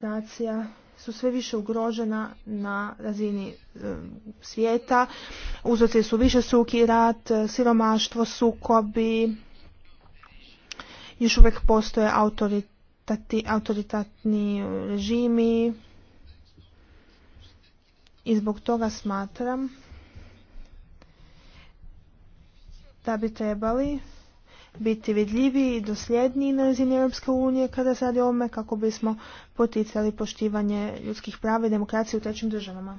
nacija su sve više ugrožena na razini svijeta. Uzroci su više suki rat, siromaštvo, sukobi. Još uvijek postoje autoritatni režimi. I zbog toga smatram da bi trebali biti vidljiviji i dosljedniji na razini Europske unije kada se radi ovome kako bismo poticali poštivanje ljudskih prava i demokracije u trećim državama.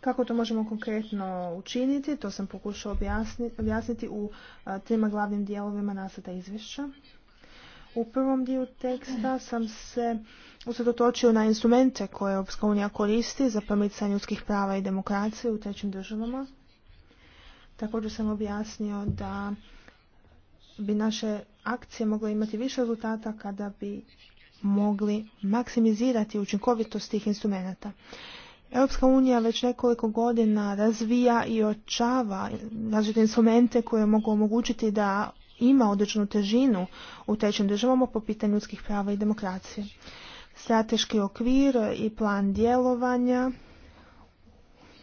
Kako to možemo konkretno učiniti, to sam pokušao objasniti u trima glavnim dijelovima nasada izvješća. U prvom dijelu teksta sam se usredotočio na instrumente koje Europska unija koristi za promicanje ljudskih prava i demokracije u trećim državama. Također sam objasnio da bi naše akcije mogle imati više rezultata kada bi mogli maksimizirati učinkovitost tih instrumenata. Europska unija već nekoliko godina razvija i očava različite instrumente koje mogu omogućiti da ima određenu težinu u trećim državama po pitanju ljudskih prava i demokracije. Strateški okvir i plan djelovanja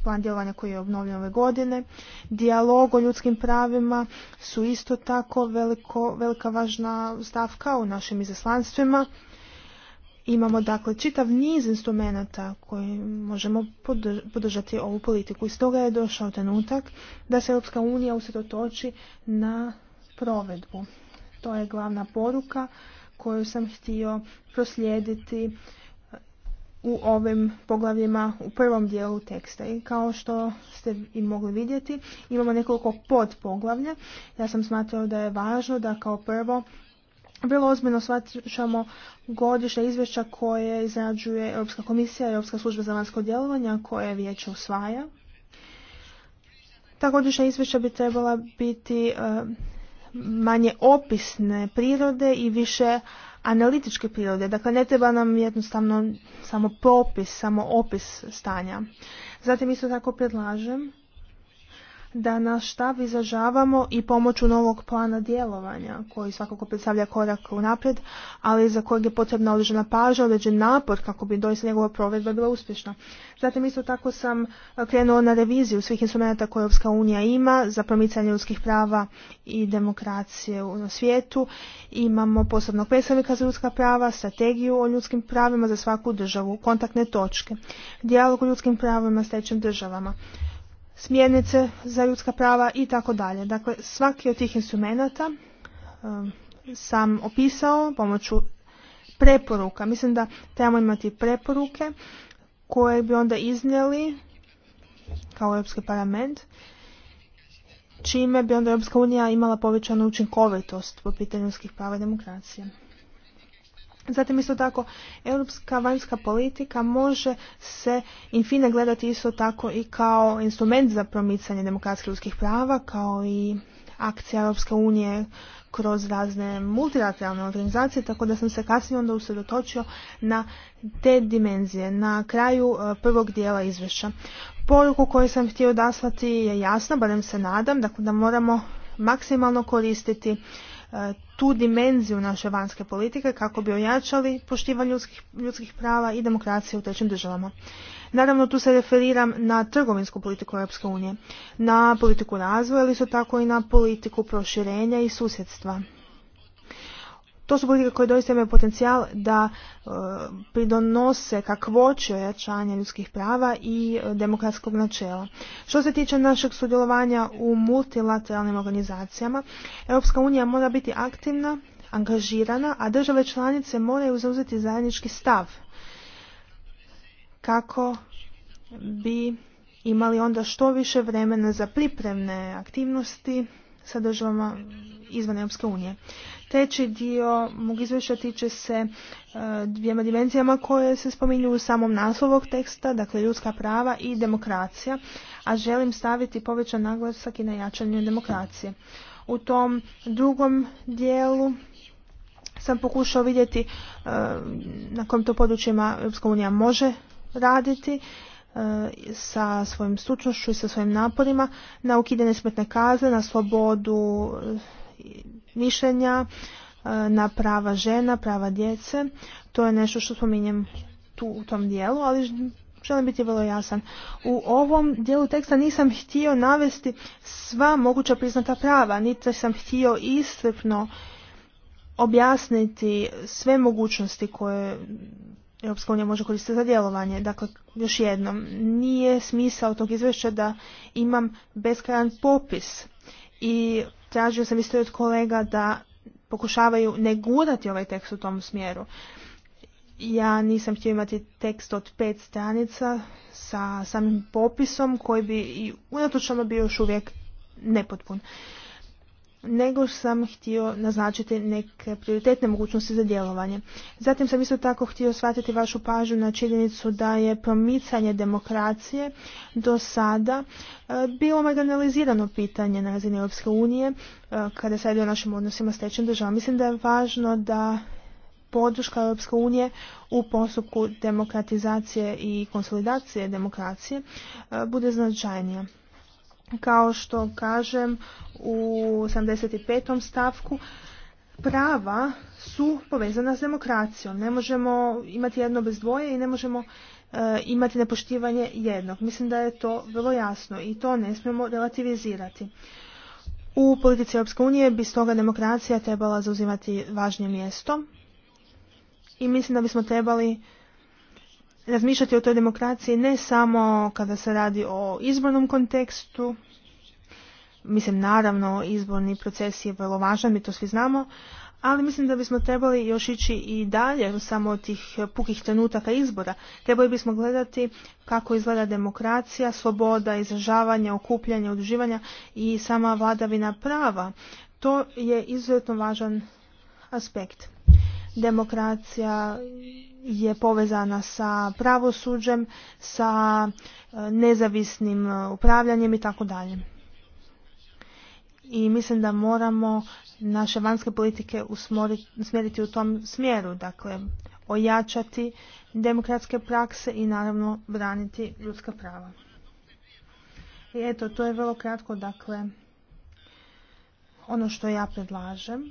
plan djelovanja koji je obnovljen ove godine. Dijalog o ljudskim pravima su isto tako veliko, velika važna stavka u našim izaslanstvima. Imamo dakle čitav niz instrumenata koji možemo podržati ovu politiku. I stoga je došao trenutak da se Europska unija usredotoči na provedbu. To je glavna poruka koju sam htio proslijediti u ovim poglavljima u prvom dijelu teksta. I kao što ste i mogli vidjeti, imamo nekoliko podpoglavlja. Ja sam smatrao da je važno da kao prvo vrlo ozbiljno shvaćamo godišnja izvješća koje izrađuje Europska komisija i Europska služba za vanjsko djelovanje koje vijeće usvaja. Ta godišnja izvješća bi trebala biti e, manje opisne prirode i više analitičke prirode. Dakle, ne treba nam jednostavno samo popis, samo opis stanja. Zatim isto tako predlažem da naš štab izražavamo i pomoću novog plana djelovanja koji svakako predstavlja korak u naprijed, ali za kojeg je potrebna određena paža određen napor kako bi doista njegova provedba bila uspješna. Zatim isto tako sam eh, krenuo na reviziju svih instrumenta koje Europska unija ima za promicanje ljudskih prava i demokracije u svijetu. Imamo posebnog predstavnika za ljudska prava, strategiju o ljudskim pravima za svaku državu, kontaktne točke, dijalog o ljudskim pravima s trećim državama smjernice za ljudska prava i tako dalje. Dakle, svaki od tih instrumenata um, sam opisao pomoću preporuka. Mislim da trebamo imati preporuke koje bi onda iznijeli kao Europski parlament čime bi onda Europska unija imala povećanu učinkovitost po pitanju ljudskih prava i demokracije. Zatim isto tako, europska vanjska politika može se infine gledati isto tako i kao instrument za promicanje demokratskih ljudskih prava, kao i akcija Europske unije kroz razne multilateralne organizacije, tako da sam se kasnije onda usredotočio na te dimenzije, na kraju e, prvog dijela izvješća. Poruku koju sam htio odaslati je jasna, barem se nadam, dakle da moramo maksimalno koristiti E, tu dimenziju naše vanjske politike kako bi ojačali poštivanje ljudskih, ljudskih prava i demokracije u trećim državama. Naravno, tu se referiram na trgovinsku politiku Europske unije, na politiku razvoja, ali isto tako i na politiku proširenja i susjedstva. To su politike koje doista imaju potencijal da e, pridonose kakvoći ojačanja ljudskih prava i e, demokratskog načela. Što se tiče našeg sudjelovanja u multilateralnim organizacijama, Europska unija mora biti aktivna, angažirana, a države članice moraju zauzeti zajednički stav kako bi imali onda što više vremena za pripremne aktivnosti sa državama izvan Europske unije. Treći dio mog izvješća tiče se e, dvijema dimenzijama koje se spominju u samom naslovog teksta, dakle ljudska prava i demokracija, a želim staviti povećan naglasak i na jačanje demokracije. U tom drugom dijelu sam pokušao vidjeti e, na kojim to područjima EU može raditi e, sa svojim stručnošću i sa svojim naporima na ukidanje smrtne kaze, na slobodu mišljenja, e, na prava žena, prava djece. To je nešto što spominjem tu u tom dijelu, ali želim biti vrlo jasan. U ovom dijelu teksta nisam htio navesti sva moguća priznata prava, niti sam htio iscrpno objasniti sve mogućnosti koje Europska unija može koristiti za djelovanje. Dakle, još jednom, nije smisao tog izvješća da imam beskrajan popis i tražio sam isto od kolega da pokušavaju ne gurati ovaj tekst u tom smjeru. Ja nisam htio imati tekst od pet stranica sa samim popisom koji bi i unatoč bio još uvijek nepotpun nego sam htio naznačiti neke prioritetne mogućnosti za djelovanje. Zatim sam isto tako htio shvatiti vašu pažnju na činjenicu da je promicanje demokracije do sada e, bilo marginalizirano pitanje na razini Europske unije e, kada se radi o našim odnosima s trećim državom. Mislim da je važno da podrška Europske unije u postupku demokratizacije i konsolidacije demokracije e, bude značajnija kao što kažem u 75. stavku, prava su povezana s demokracijom. Ne možemo imati jedno bez dvoje i ne možemo eh, imati nepoštivanje jednog. Mislim da je to vrlo jasno i to ne smijemo relativizirati. U politici Europske unije bi stoga demokracija trebala zauzimati važnije mjesto i mislim da bismo trebali razmišljati o toj demokraciji ne samo kada se radi o izbornom kontekstu, mislim naravno izborni proces je vrlo važan, mi to svi znamo, ali mislim da bismo trebali još ići i dalje samo od tih pukih trenutaka izbora. Trebali bismo gledati kako izgleda demokracija, sloboda, izražavanja, okupljanja, udruživanja i sama vladavina prava. To je izuzetno važan aspekt. Demokracija je povezana sa pravosuđem, sa e, nezavisnim e, upravljanjem i tako dalje. I mislim da moramo naše vanjske politike usmjeriti u tom smjeru, dakle ojačati demokratske prakse i naravno braniti ljudska prava. I eto, to je vrlo kratko, dakle, ono što ja predlažem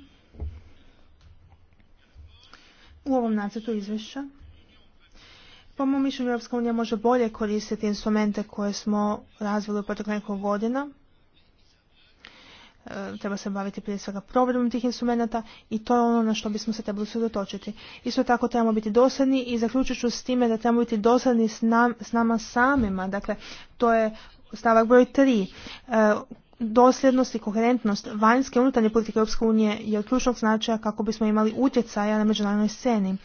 u ovom nacrtu izvješća. Po mom mišljenju Europska unija može bolje koristiti instrumente koje smo razvili u protekle nekoliko godina. E, treba se baviti prije svega provedbom tih instrumenta i to je ono na što bismo se trebali sudotočiti. Isto tako trebamo biti dosadni i zaključit ću s time da trebamo biti dosadni s, nama samima. Dakle, to je stavak broj tri. E, dosljednost i koherentnost vanjske unutarnje politike Europske unije je od ključnog značaja kako bismo imali utjecaja na međunarodnoj sceni.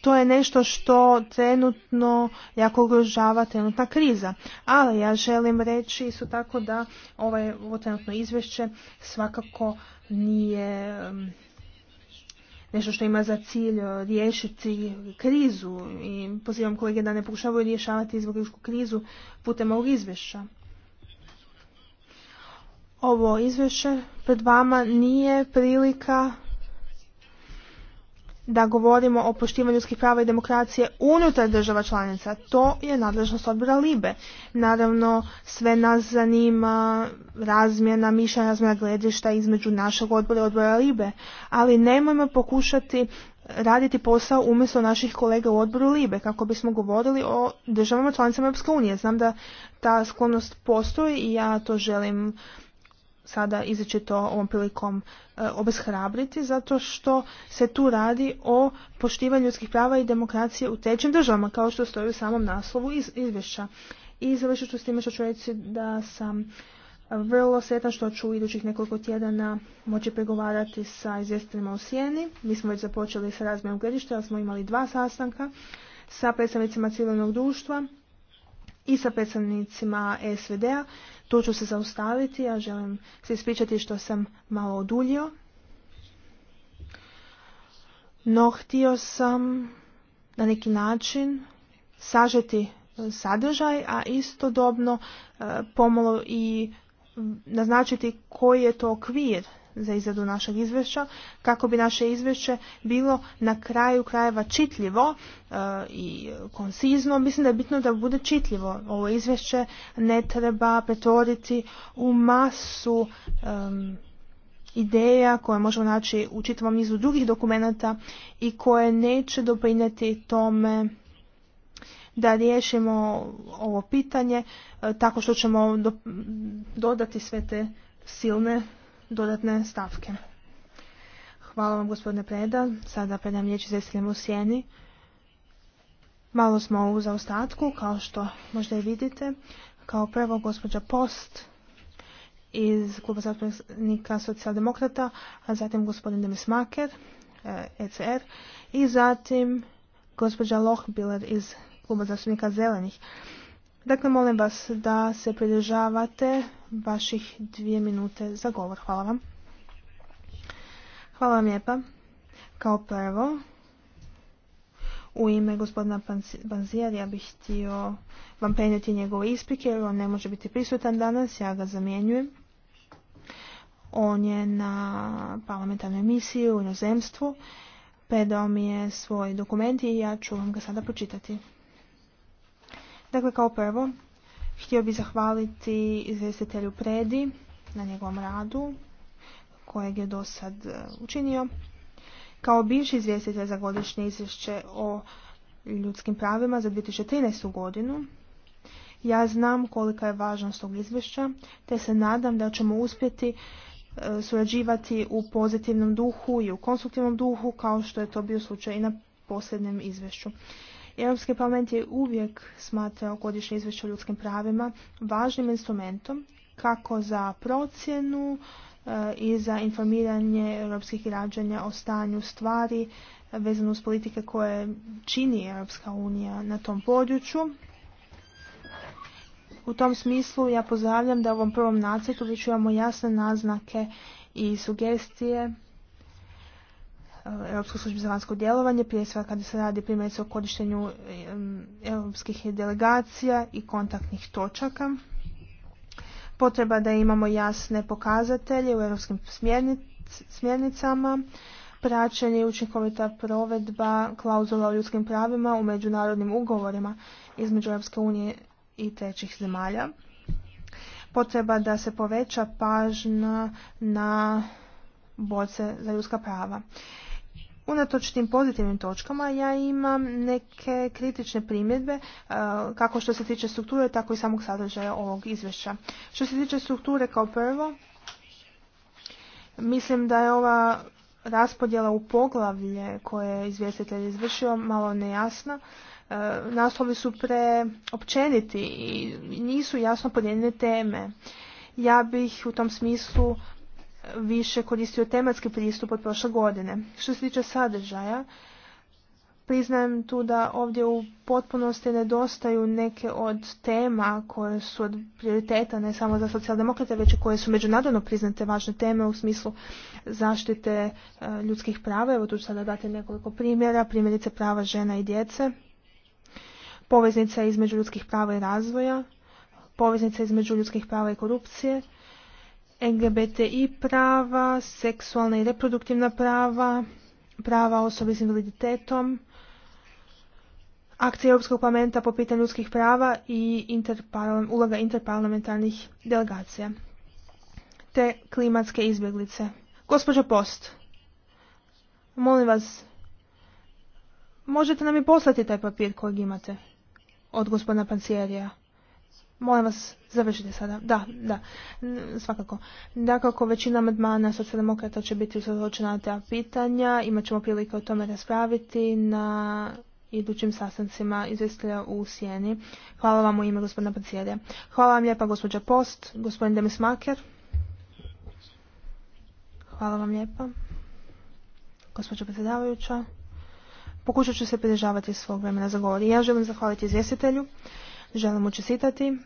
To je nešto što trenutno jako ugrožava trenutna kriza. Ali ja želim reći isto tako da ovaj, ovo trenutno izvješće svakako nije um, nešto što ima za cilj uh, riješiti krizu i pozivam kolege da ne pokušavaju rješavati izbjegličku krizu putem ovog izvješća. Ovo izvješće pred vama nije prilika da govorimo o poštivanju ljudskih prava i demokracije unutar država članica. To je nadležnost odbora Libe. Naravno, sve nas zanima razmjena mišljenja, razmjena gledišta između našeg odbora i odbora Libe. Ali nemojmo pokušati raditi posao umjesto naših kolega u odboru Libe kako bismo govorili o državama članicama Europske unije. Znam da ta sklonost postoji i ja to želim sada to ovom prilikom e, obeshrabriti zato što se tu radi o poštivanju ljudskih prava i demokracije u trećim državama kao što stoji u samom naslovu iz, izvješća. I završit ću s time što ću reći da sam vrlo sretan što ću u idućih nekoliko tjedana moći pregovarati sa izvjestiteljima u Sijeni. Mi smo već započeli sa razmjenom gledišta, ali smo imali dva sastanka sa predstavnicima civilnog društva i sa predstavnicima SVD-a. Tu ću se zaustaviti, ja želim se ispričati što sam malo oduljio. No, htio sam na neki način sažeti e, sadržaj, a istodobno e, pomalo i naznačiti koji je to okvir za izradu našeg izvješća, kako bi naše izvješće bilo na kraju krajeva čitljivo e, i koncizno. Mislim da je bitno da bude čitljivo. Ovo izvješće ne treba pretvoriti u masu ideja koje možemo naći u čitavom nizu drugih dokumenata i koje neće doprinijeti tome da riješimo ovo pitanje e, tako što ćemo dodati sve te silne dodatne stavke. Hvala vam gospodine Preda. Sada predam riječ izvjestiteljem u sjeni. Malo smo u zaostatku, kao što možda i vidite. Kao prvo gospođa Post iz Kluba zastupnika socijaldemokrata, a zatim gospodin Demis Maker, ECR, e i zatim gospođa Lohbiler iz Kluba zastupnika zelenih. Dakle, molim vas da se pridržavate vaših dvije minute za govor. Hvala vam. Hvala vam lijepa. Kao prvo, u ime gospodina Banzijera ja bih htio vam prenijeti njegove isprike jer on ne može biti prisutan danas, ja ga zamjenjujem. On je na parlamentarnoj misiji u inozemstvu, predao mi je svoj dokument i ja ću vam ga sada pročitati. Dakle, kao prvo, htio bih zahvaliti izvjestitelju Predi na njegovom radu kojeg je do sad e, učinio. Kao bivši izvjestitelj za godišnje izvješće o ljudskim pravima za 2013. godinu, ja znam kolika je važnost tog izvješća, te se nadam da ćemo uspjeti e, surađivati u pozitivnom duhu i u konstruktivnom duhu, kao što je to bio slučaj i na posljednjem izvješću. Europski parlament je uvijek smatrao godišnje izvješće o ljudskim pravima važnim instrumentom kako za procjenu e, i za informiranje europskih građana o stanju stvari vezano uz politike koje čini Europska unija na tom području. U tom smislu ja pozdravljam da u ovom prvom nacrtu već imamo jasne naznake i sugestije Europskoj službi za vanjsko djelovanje, prije svega kada se radi primjerice o korištenju europskih delegacija i kontaktnih točaka. Potreba da imamo jasne pokazatelje u europskim smjernicama, praćenje i učinkovita provedba klauzula o ljudskim pravima u međunarodnim ugovorima između Europske unije i trećih zemalja. Potreba da se poveća pažnja na borce za ljudska prava. Unatoč tim pozitivnim točkama ja imam neke kritične primjedbe kako što se tiče strukture, tako i samog sadržaja ovog izvješća. Što se tiče strukture kao prvo, mislim da je ova raspodjela u poglavlje koje je izvjestitelj izvršio malo nejasna. E, naslovi su preopćeniti i nisu jasno podijeljene teme. Ja bih u tom smislu više koristio tematski pristup od prošle godine. Što se tiče sadržaja, priznajem tu da ovdje u potpunosti nedostaju neke od tema koje su od prioriteta ne samo za socijaldemokrate, već i koje su međunarodno priznate važne teme u smislu zaštite e, ljudskih prava. Evo tu ću sada dati nekoliko primjera, primjerice prava žena i djece, poveznica između ljudskih prava i razvoja, poveznica između ljudskih prava i korupcije, LGBTI prava, seksualna i reproduktivna prava, prava osobe s invaliditetom, akcije Europskog parlamenta po pitanju ljudskih prava i uloga interparlamentarnih delegacija, te klimatske izbjeglice. Gospođo Post, molim vas, možete nam i poslati taj papir kojeg imate od gospodina Pancijerija. Molim vas, završite sada. Da, da, svakako. Dakako, većina amandmana socijaldemokrata će biti usredočena na ta pitanja. Imaćemo prilike o tome raspraviti na idućim sastancima izvjestitelja u Sijeni. Hvala vam u ime gospodina predsjedja. Hvala vam lijepa gospođa Post, gospodin Demis Maker. Hvala vam lijepa. Gospođa predsjedavajuća. Pokušat ću se pridržavati svog vremena za govor. Ja želim zahvaliti izvjestitelju. Želim mu čestitati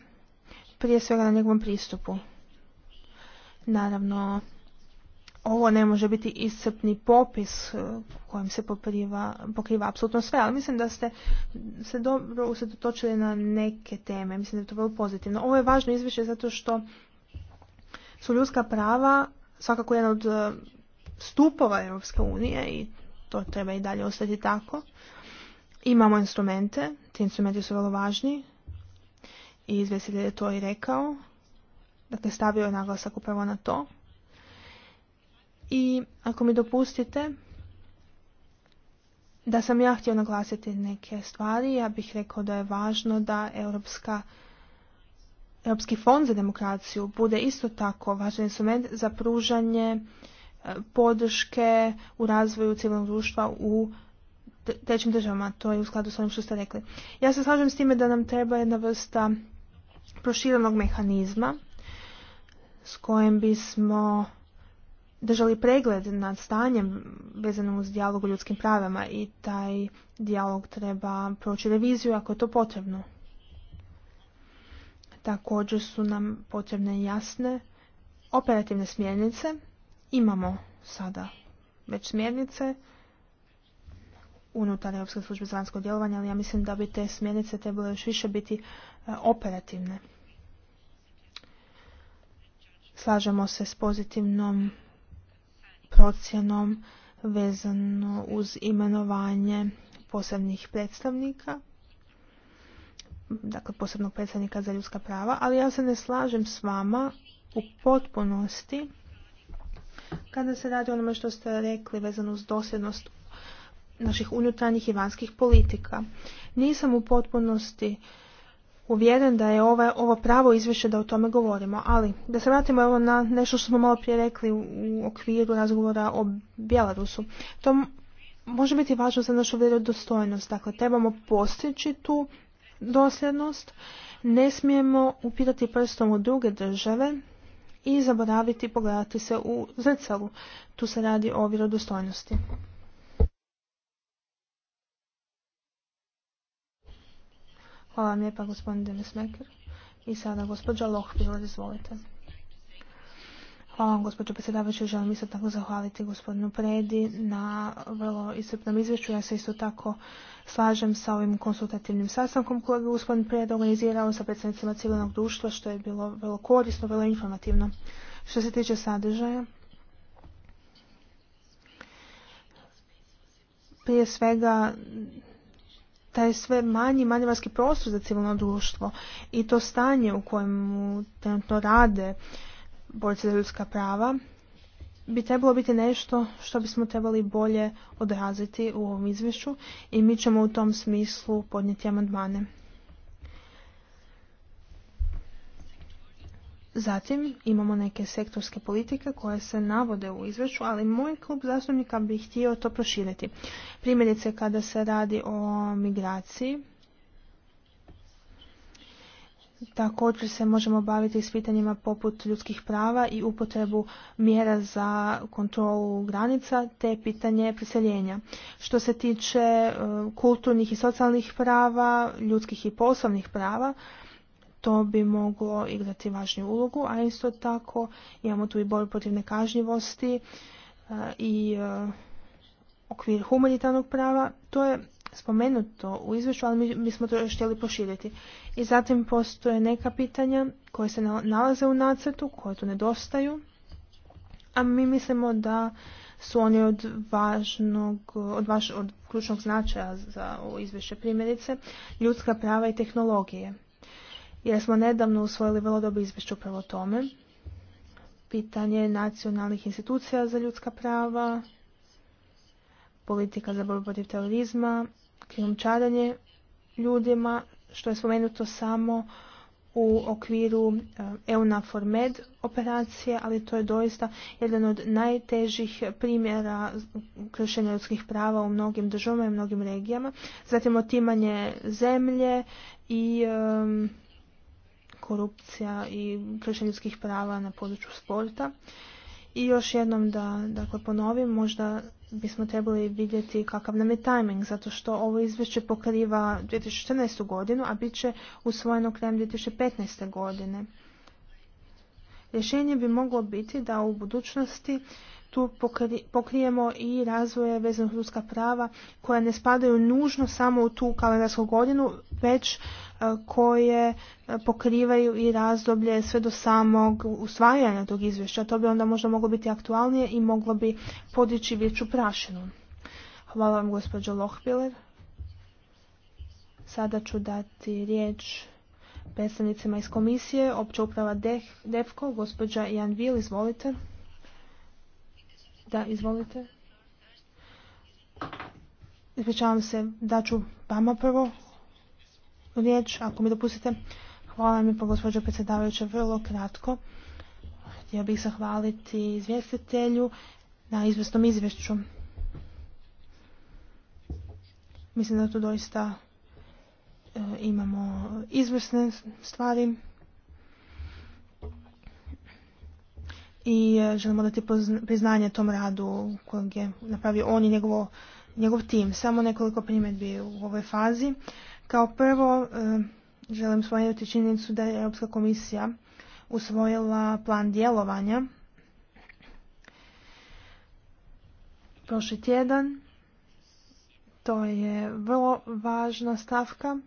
prije svega na njegovom pristupu. Naravno, ovo ne može biti iscrpni popis eh, kojim se pokriva, pokriva apsolutno sve, ali mislim da ste se dobro usredotočili na neke teme. Mislim da je to vrlo pozitivno. Ovo je važno izvješće zato što su ljudska prava svakako jedna od eh, stupova Europske unije i to treba i dalje ostati tako. Imamo instrumente, ti instrumenti su vrlo važni, i izvjestitelj je to i rekao. Dakle, stavio je naglasak upravo na to. I ako mi dopustite, da sam ja htio naglasiti neke stvari, ja bih rekao da je važno da Europska, Europski fond za demokraciju bude isto tako važan instrument za pružanje e, podrške u razvoju civilnog društva u trećim državama. To je u skladu s onim što ste rekli. Ja se slažem s time da nam treba jedna vrsta proširenog mehanizma s kojim bismo držali pregled nad stanjem vezanom uz dijalog o ljudskim pravima i taj dijalog treba proći reviziju ako je to potrebno. Također su nam potrebne jasne operativne smjernice. Imamo sada već smjernice unutar Europske službe za vanjsko djelovanje, ali ja mislim da bi te smjernice trebale još više biti e, operativne. Slažemo se s pozitivnom procjenom vezano uz imenovanje posebnih predstavnika, dakle posebnog predstavnika za ljudska prava, ali ja se ne slažem s vama u potpunosti kada se radi o onome što ste rekli vezano uz dosljednost naših unutarnjih i vanjskih politika. Nisam u potpunosti uvjeren da je ovo, ovo pravo izvješće da o tome govorimo, ali da se vratimo evo na nešto što smo malo prije rekli u okviru razgovora o Bjelarusu. To može biti važno za našu vjerodostojnost. Dakle, trebamo postići tu dosljednost, ne smijemo upirati prstom u druge države i zaboraviti pogledati se u zrcalu. Tu se radi o vjerodostojnosti. Hvala vam lijepa gospodin Demesmeker. I sada gospođa Lohpiller, izvolite. Hvala vam gospođo predsjedavajući, želim isto tako zahvaliti gospodinu Predi na vrlo iscrpnom izvješću. Ja se isto tako slažem sa ovim konsultativnim sastankom kojeg je gospodin Predi organizirao sa predstavnicima civilnog društva što je bilo vrlo korisno, vrlo informativno. Što se tiče sadržaja, prije svega taj sve manji manevarski prostor za civilno društvo i to stanje u kojem trenutno rade borci za ljudska prava bi trebalo biti nešto što bismo trebali bolje odraziti u ovom izvješću i mi ćemo u tom smislu podnijeti amandmane. Zatim imamo neke sektorske politike koje se navode u izvješću, ali moj klub zastupnika bi htio to proširiti. Primjerice kada se radi o migraciji, Također se možemo baviti s pitanjima poput ljudskih prava i upotrebu mjera za kontrolu granica te pitanje priseljenja. Što se tiče e, kulturnih i socijalnih prava, ljudskih i poslovnih prava, to bi moglo igrati važniju ulogu, a isto tako imamo tu i borbu protiv nekažnjivosti e, i e, okvir humanitarnog prava. To je spomenuto u izvješću, ali mi, smo to još htjeli poširiti. I zatim postoje neka pitanja koje se nalaze u nacrtu, koje tu nedostaju, a mi mislimo da su oni od važnog, od, od ključnog značaja za ovo izvješće primjerice, ljudska prava i tehnologije jer smo nedavno usvojili vrlo dobro izvješće upravo o tome. Pitanje nacionalnih institucija za ljudska prava, politika za borbu protiv terorizma, krijumčarenje ljudima, što je spomenuto samo u okviru eh, EUNAFOR MED operacije, ali to je doista jedan od najtežih primjera kršenja ljudskih prava u mnogim državama i mnogim regijama. Zatim otimanje zemlje i korupcija i kršenje ljudskih prava na području sporta. I još jednom da dakle, ponovim, možda bismo trebali vidjeti kakav nam je timing, zato što ovo izvješće pokriva 2014. godinu, a bit će usvojeno krajem 2015. godine. Rješenje bi moglo biti da u budućnosti tu pokrijemo i razvoje vezanog ljudska prava koja ne spadaju nužno samo u tu kalendarsku godinu, već E, koje pokrivaju i razdoblje sve do samog usvajanja tog izvješća. To bi onda možda moglo biti aktualnije i moglo bi podići veću prašinu. Hvala vam gospođo Lohpiler. Sada ću dati riječ predstavnicima iz komisije. Opća uprava DEFKO, gospođa Jan Vil, izvolite. Da, izvolite. Ispričavam se, ću vama prvo riječ, ako mi dopustite. Hvala mi po pa, gospođo predsjedavajuća, vrlo kratko. Htio bih zahvaliti izvjestitelju na izvjestnom izvješću. Mislim da tu doista e, imamo izvrsne stvari i e, želimo dati priznanje tom radu kojeg je napravio on i njegov tim. Samo nekoliko primjedbi u ovoj fazi. Kao prvo, eh, želim spomenuti činjenicu da je Europska komisija usvojila plan djelovanja prošli tjedan. To je vrlo važna stavka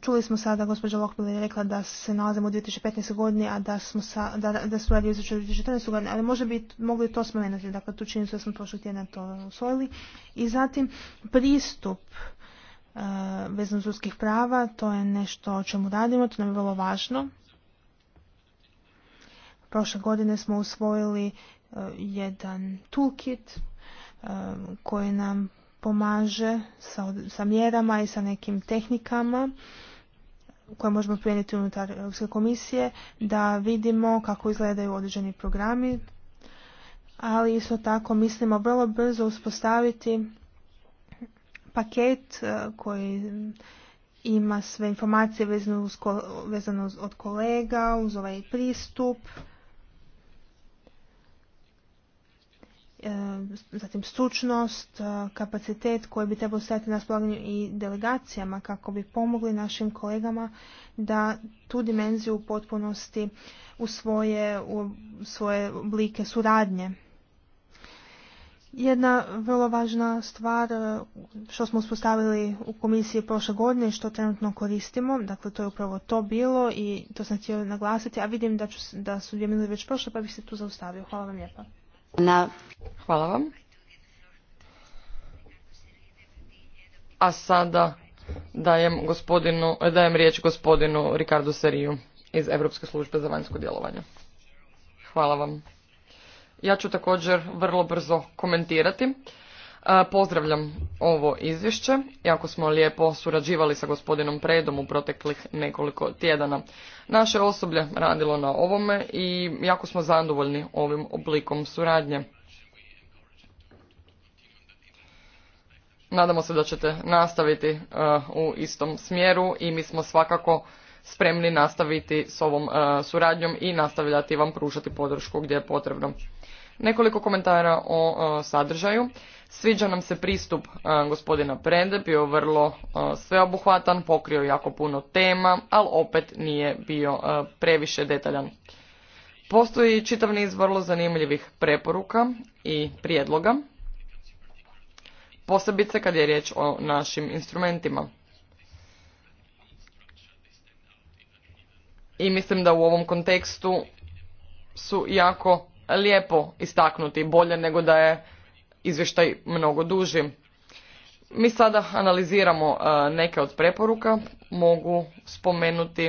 Čuli smo sada, gospođa Lohpil je rekla da se nalazimo u 2015. godini, a da, smo sa, da, da su radili u 2014. godini, ali može bi mogli to spomenuti, dakle tu činjenicu da smo prošli tjedan to usvojili. I zatim pristup e, vezano s ljudskih prava, to je nešto o čemu radimo, to nam je vrlo važno. Prošle godine smo usvojili e, jedan toolkit e, koji nam pomaže sa, sa mjerama i sa nekim tehnikama koje možemo prenijeti unutar Europske komisije da vidimo kako izgledaju određeni programi, ali isto tako mislimo vrlo brzo uspostaviti paket e, koji ima sve informacije vezano od kolega, uz ovaj pristup E, zatim stručnost, e, kapacitet koji bi trebao stajati na spolaganju i delegacijama kako bi pomogli našim kolegama da tu dimenziju u potpunosti u svoje, u svoje oblike suradnje. Jedna vrlo važna stvar e, što smo uspostavili u komisiji prošle godine i što trenutno koristimo, dakle to je upravo to bilo i to sam htio naglasiti, a vidim da, da su dvije minute već prošle pa bih se tu zaustavio. Hvala vam lijepa. Na... Hvala vam. A sada dajem, gospodinu, dajem riječ gospodinu Ricardo Seriju iz Europske službe za vanjsko djelovanje. Hvala vam. Ja ću također vrlo brzo komentirati. Pozdravljam ovo izvješće, jako smo lijepo surađivali sa gospodinom Predom u proteklih nekoliko tjedana. Naše osoblje radilo na ovome i jako smo zadovoljni ovim oblikom suradnje. Nadamo se da ćete nastaviti e, u istom smjeru i mi smo svakako spremni nastaviti s ovom e, suradnjom i nastavljati vam pružati podršku gdje je potrebno. Nekoliko komentara o e, sadržaju. Sviđa nam se pristup e, gospodina Prende, bio vrlo e, sveobuhvatan, pokrio jako puno tema, ali opet nije bio e, previše detaljan. Postoji čitav niz vrlo zanimljivih preporuka i prijedloga, posebice kad je riječ o našim instrumentima. I mislim da u ovom kontekstu su jako lijepo istaknuti, bolje nego da je izvještaj mnogo duži. Mi sada analiziramo e, neke od preporuka, mogu spomenuti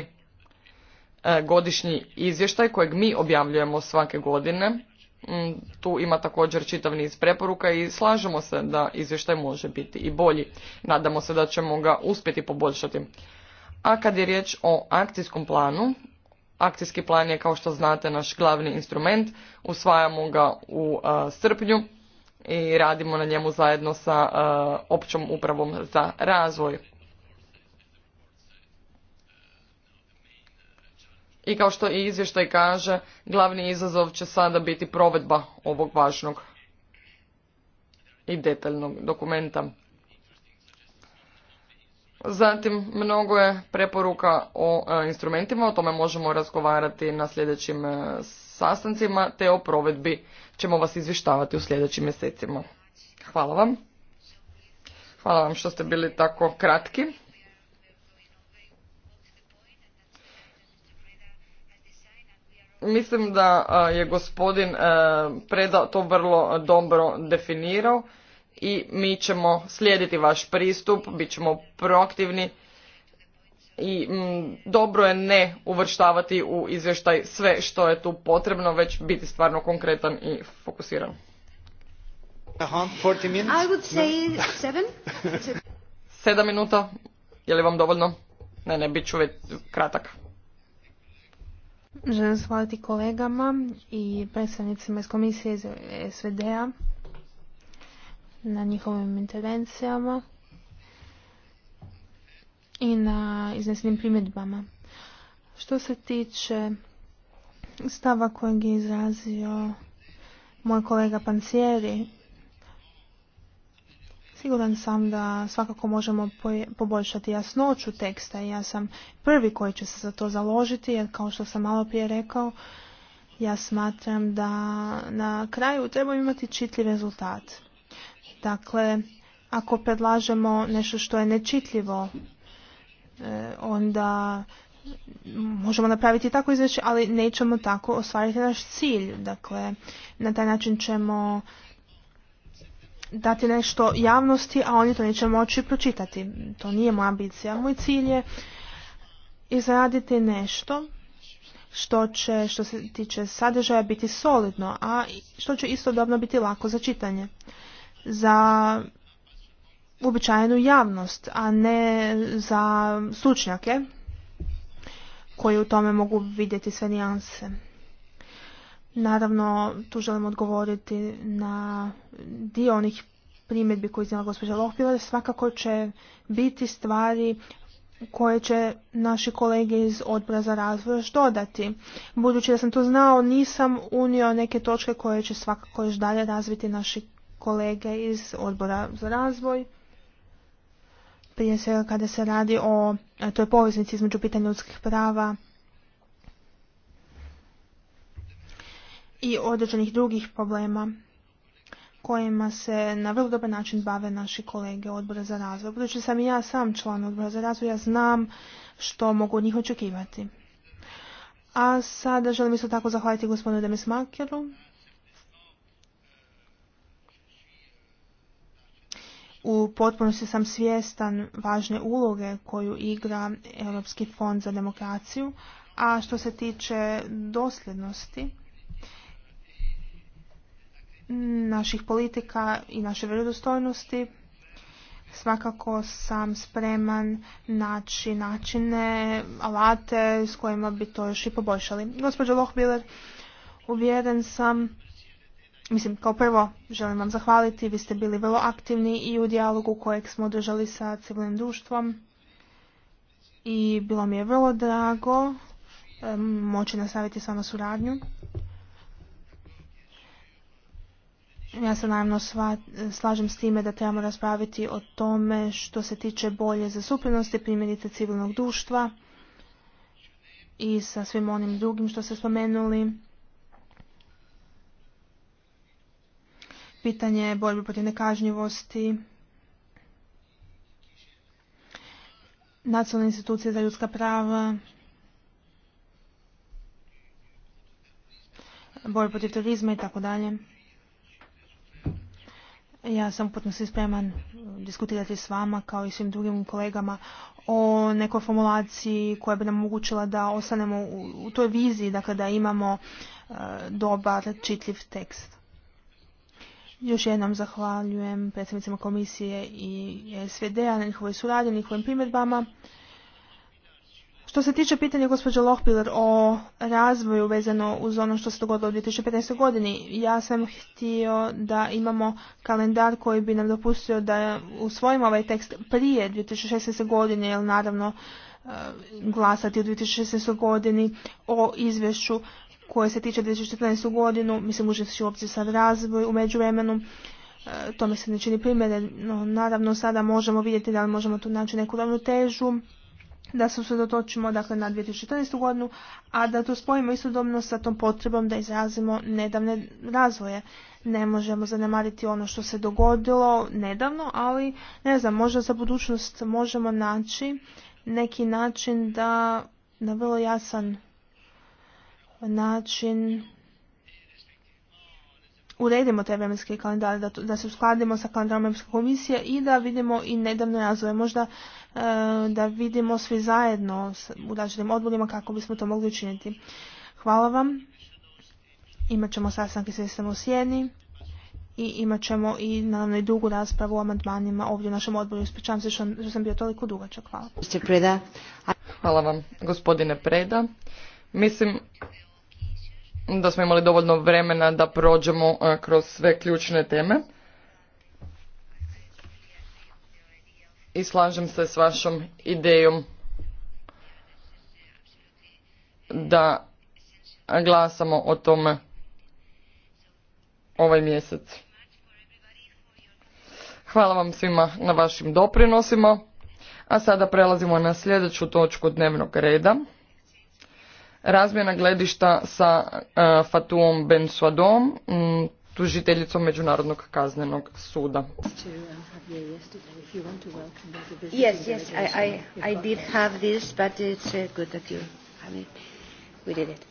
e, godišnji izvještaj kojeg mi objavljujemo svake godine. Mm, tu ima također čitav niz preporuka i slažemo se da izvještaj može biti i bolji. Nadamo se da ćemo ga uspjeti poboljšati. A kad je riječ o akcijskom planu, akcijski plan je kao što znate naš glavni instrument, usvajamo ga u e, srpnju i radimo na njemu zajedno sa e, općom upravom za razvoj. I kao što i izvještaj kaže, glavni izazov će sada biti provedba ovog važnog i detaljnog dokumenta. Zatim, mnogo je preporuka o e, instrumentima, o tome možemo razgovarati na sljedećim e, sastancima, te o provedbi ćemo vas izvještavati u sljedećim mjesecima. Hvala vam. Hvala vam što ste bili tako kratki. Mislim da je gospodin Preda to vrlo dobro definirao i mi ćemo slijediti vaš pristup, bit ćemo proaktivni i mm, dobro je ne uvrštavati u izvještaj sve što je tu potrebno, već biti stvarno konkretan i fokusiran. Sedam minuta, je li vam dovoljno? Ne, ne, bit ću već kratak. Želim hvaliti kolegama i predstavnicima iz komisije iz SVD-a na njihovim intervencijama i na iznesenim primjedbama. Što se tiče stava kojeg je izrazio moj kolega Pancieri, Siguran sam da svakako možemo poboljšati jasnoću teksta ja sam prvi koji će se za to založiti jer kao što sam malo prije rekao, ja smatram da na kraju trebamo imati čitljiv rezultat. Dakle, ako predlažemo nešto što je nečitljivo E, onda možemo napraviti tako izvješće, ali nećemo tako ostvariti naš cilj. Dakle, na taj način ćemo dati nešto javnosti, a oni to neće moći pročitati. To nije moja ambicija. Moj cilj je izraditi nešto što će, što se tiče sadržaja, biti solidno, a što će istodobno biti lako za čitanje. Za uobičajenu javnost, a ne za stručnjake koji u tome mogu vidjeti sve nijanse. Naravno, tu želim odgovoriti na dio onih primjedbi koje iznijela gospođa Lohpilar. Svakako će biti stvari koje će naši kolege iz odbora za razvoj još dodati. Budući da sam to znao, nisam unio neke točke koje će svakako još dalje razviti naši kolege iz odbora za razvoj prije svega kada se radi o e, toj poveznici između pitanja ljudskih prava i određenih drugih problema kojima se na vrlo dobar način bave naši kolege odbora za razvoj. Budući sam i ja sam član odbora za razvoj, ja znam što mogu od njih očekivati. A sada želim isto tako zahvaliti gospodinu Demismakeru U potpunosti sam svjestan važne uloge koju igra Europski fond za demokraciju, a što se tiče dosljednosti naših politika i naše vjerodostojnosti, svakako sam spreman naći načine, alate s kojima bi to još i poboljšali. Gospođo Lohbiler, uvjeren sam Mislim, kao prvo želim vam zahvaliti, vi ste bili vrlo aktivni i u dijalogu kojeg smo održali sa civilnim društvom i bilo mi je vrlo drago moći nastaviti s vama suradnju. Ja se naravno sva, slažem s time da trebamo raspraviti o tome što se tiče bolje zastupljenosti primjerice civilnog društva i sa svim onim drugim što ste spomenuli pitanje borbe protiv nekažnjivosti, nacionalne institucije za ljudska prava, borbe protiv turizma i tako dalje. Ja sam potpuno se spreman diskutirati s vama kao i svim drugim kolegama o nekoj formulaciji koja bi nam omogućila da ostanemo u, toj viziji, dakle da imamo e, dobar čitljiv tekst. Još jednom zahvaljujem predstavnicima komisije i SVD-a na njihovoj suradnji, njihovim primjedbama. Što se tiče pitanja gospođe Lohpiler o razvoju vezano uz ono što se dogodilo u 2015. godini, ja sam htio da imamo kalendar koji bi nam dopustio da usvojimo ovaj tekst prije 2016. godine, jer naravno e, glasati u 2016. godini o izvješću koje se tiče 2014. godinu, mislim uživši u opciju sad razvoj u međuvremenu, e, to mi se ne čini primjereno. Naravno sada možemo vidjeti da li možemo tu naći neku težu da se usredotočimo dakle, na 2014. godinu, a da to spojimo istodobno sa tom potrebom da izrazimo nedavne razvoje. Ne možemo zanemariti ono što se dogodilo nedavno, ali ne znam, možda za budućnost možemo naći neki način da na vrlo jasan način uredimo te vremenske kalendare, da, da se uskladimo sa kalendarom Europske komisije i da vidimo i nedavno razvoje. Možda e, da vidimo svi zajedno u različitim odborima kako bismo to mogli učiniti. Hvala vam. Imat ćemo sastanke sa u sjeni i imat ćemo i naravno i dugu raspravu o amandmanima ovdje u našem odboru. Ispričavam se što, sam bio toliko dugačak. Hvala. Hvala vam, gospodine Preda. Mislim da smo imali dovoljno vremena da prođemo e, kroz sve ključne teme. I slažem se s vašom idejom da glasamo o tome ovaj mjesec. Hvala vam svima na vašim doprinosima. A sada prelazimo na sljedeću točku dnevnog reda razmjena gledišta sa e, Fatuom Ben Suadom, tužiteljicom Međunarodnog kaznenog suda. Yes, yes, I, I, I did have this, but it's uh, good that you have it. We did it.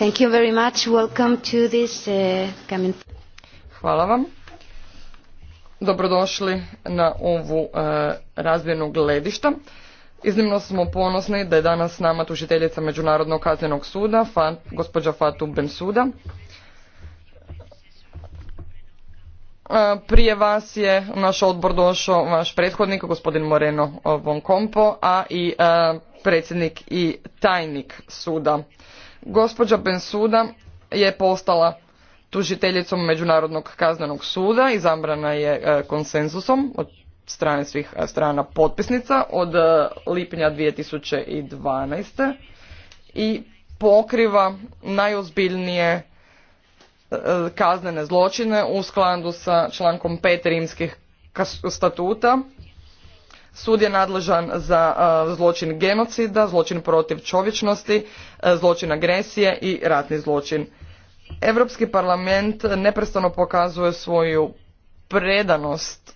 Uh, Hvala vam. Dobrodošli na ovu uh, razvijenu gledišta. Iznimno smo ponosni da je danas s nama tužiteljica Međunarodnog kaznenog suda, gospođa Fatou Bensuda. Uh, prije vas je u naš odbor došao vaš prethodnik, gospodin Moreno Von Kompo, a i predsjednik i tajnik suda. Gospođa Bensuda je postala tužiteljicom Međunarodnog kaznenog suda, izabrana je e, konsenzusom od strane svih e, strana potpisnica od e, lipnja 2012. i pokriva najozbiljnije kaznene zločine u skladu sa člankom 5 rimskih statuta Sud je nadležan za zločin genocida, zločin protiv čovječnosti, e, zločin agresije i ratni zločin. Europski parlament neprestano pokazuje svoju predanost e,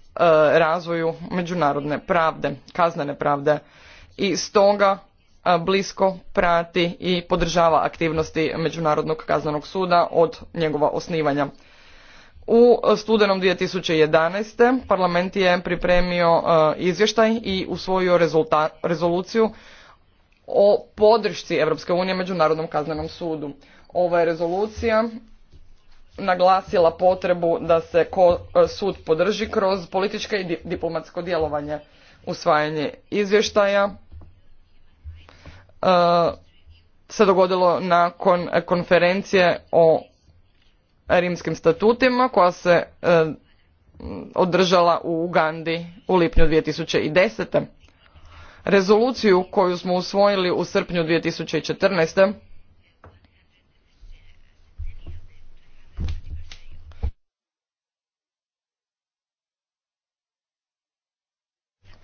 razvoju međunarodne pravde, kaznene pravde i stoga e, blisko prati i podržava aktivnosti Međunarodnog kaznenog suda od njegova osnivanja. U studenom 2011. parlament je pripremio e, izvještaj i usvojio rezoluciju o podršci Europske unije Međunarodnom kaznenom sudu. Ova je rezolucija naglasila potrebu da se e, sud podrži kroz političko i diplomatsko djelovanje, usvajanje izvještaja. E, se dogodilo nakon konferencije o rimskim statutima koja se e, održala u Ugandi u lipnju 2010. Rezoluciju koju smo usvojili u srpnju 2014.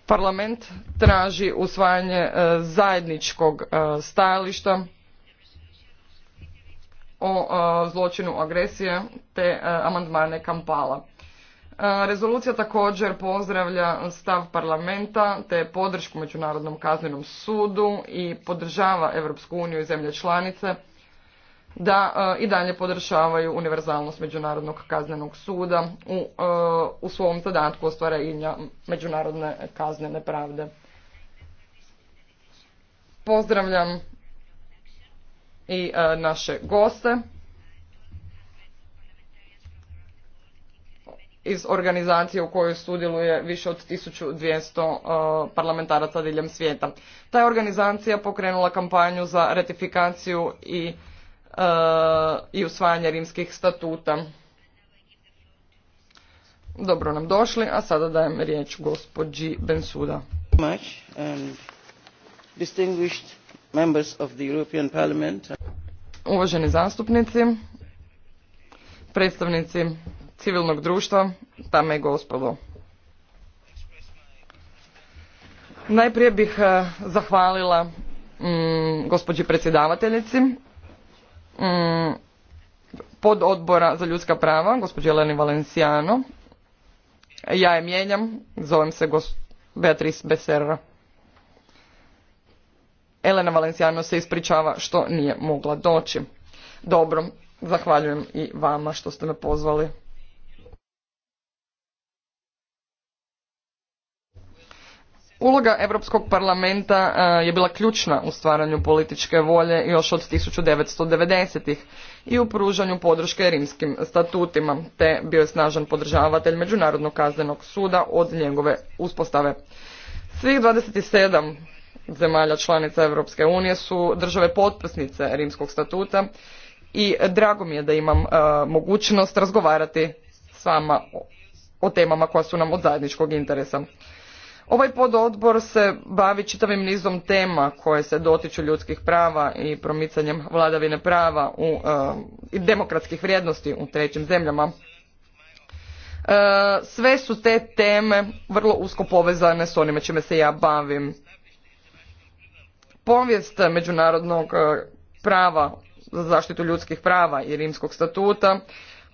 Parlament traži usvajanje e, zajedničkog e, stajališta o zločinu agresije te amandmane Kampala. Rezolucija također pozdravlja stav parlamenta te podršku Međunarodnom kaznenom sudu i podržava Europsku uniju i zemlje članice da i dalje podršavaju univerzalnost Međunarodnog kaznenog suda u, u svom zadatku ostvarenja međunarodne kaznene pravde. Pozdravljam i e, naše goste iz organizacije u kojoj sudjeluje više od 1200 e, parlamentaraca diljem svijeta. Ta je organizacija pokrenula kampanju za ratifikaciju i, e, i usvajanje rimskih statuta. Dobro nam došli, a sada dajem riječ gospođi Bensuda. Much and um, distinguished members Uvaženi zastupnici, predstavnici civilnog društva, dame i gospodo. Najprije bih eh, zahvalila mm, gospođi predsjedavateljici mm, pod odbora za ljudska prava, gospođi Eleni Valenciano. Ja je mijenjam, zovem se Beatrice Becerra. Elena Valenciano se ispričava što nije mogla doći. Dobro, zahvaljujem i vama što ste me pozvali. Uloga Europskog parlamenta e, je bila ključna u stvaranju političke volje još od 1990-ih i u pružanju podrške rimskim statutima, te bio je snažan podržavatelj Međunarodnog kaznenog suda od njegove uspostave. Svih 27 zemalja članica Europske unije su države potpisnice Rimskog statuta i drago mi je da imam e, mogućnost razgovarati s vama o, temama koja su nam od zajedničkog interesa. Ovaj pododbor se bavi čitavim nizom tema koje se dotiču ljudskih prava i promicanjem vladavine prava u, e, i demokratskih vrijednosti u trećim zemljama. E, sve su te teme vrlo usko povezane s onime čime se ja bavim povijest međunarodnog e, prava za zaštitu ljudskih prava i rimskog statuta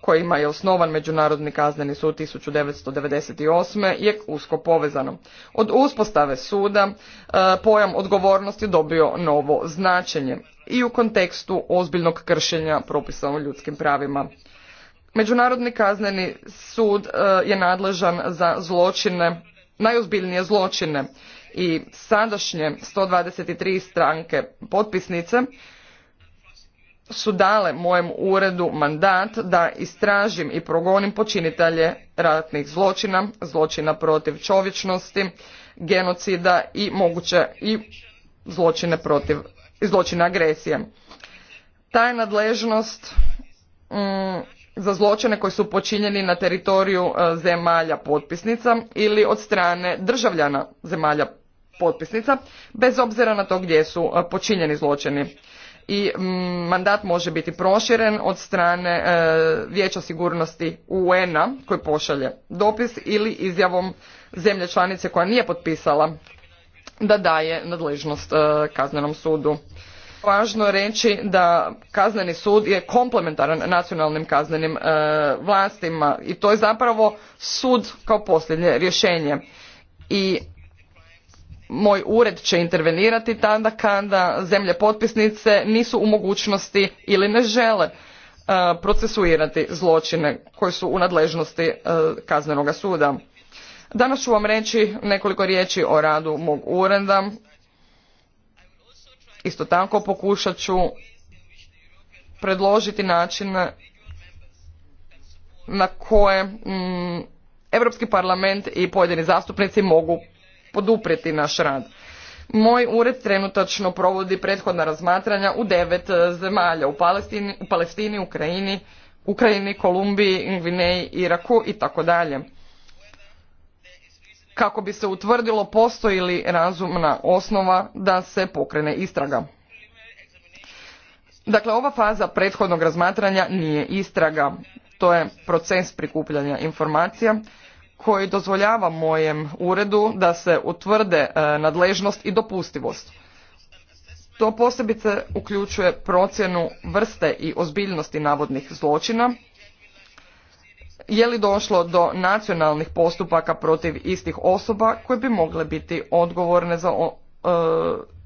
kojima je osnovan Međunarodni kazneni sud 1998. je usko povezano. Od uspostave suda e, pojam odgovornosti dobio novo značenje i u kontekstu ozbiljnog kršenja propisa o ljudskim pravima. Međunarodni kazneni sud e, je nadležan za zločine, najozbiljnije zločine i sadašnje 123 stranke potpisnice su dale mojem uredu mandat da istražim i progonim počinitelje ratnih zločina, zločina protiv čovječnosti, genocida i moguće i zločine protiv zločina agresije. Ta je nadležnost mm, za zločine koji su počinjeni na teritoriju e, zemalja potpisnica ili od strane državljana zemalja potpisnica, bez obzira na to gdje su e, počinjeni zločini. I mm, mandat može biti proširen od strane e, Vijeća sigurnosti UN-a koji pošalje dopis ili izjavom zemlje članice koja nije potpisala da daje nadležnost e, kaznenom sudu. Važno je reći da kazneni sud je komplementaran nacionalnim kaznenim vlastima i to je zapravo sud kao posljednje rješenje. I moj ured će intervenirati tada kada zemlje potpisnice nisu u mogućnosti ili ne žele e, procesuirati zločine koji su u nadležnosti e, kaznenog suda. Danas ću vam reći nekoliko riječi o radu mog ureda. Isto tako pokušat ću predložiti način na koje mm, Europski parlament i pojedini zastupnici mogu poduprijeti naš rad. Moj ured trenutačno provodi prethodna razmatranja u devet e, zemalja, u Palestini, u Palestini, Ukrajini, Ukrajini, Kolumbiji, Gvineji, Iraku i tako dalje. Kako bi se utvrdilo postoji li razumna osnova da se pokrene istraga. Dakle, ova faza prethodnog razmatranja nije istraga. To je proces prikupljanja informacija koji dozvoljava mojem uredu da se utvrde e, nadležnost i dopustivost. To posebice uključuje procjenu vrste i ozbiljnosti navodnih zločina, je li došlo do nacionalnih postupaka protiv istih osoba koje bi mogle biti odgovorne za, e,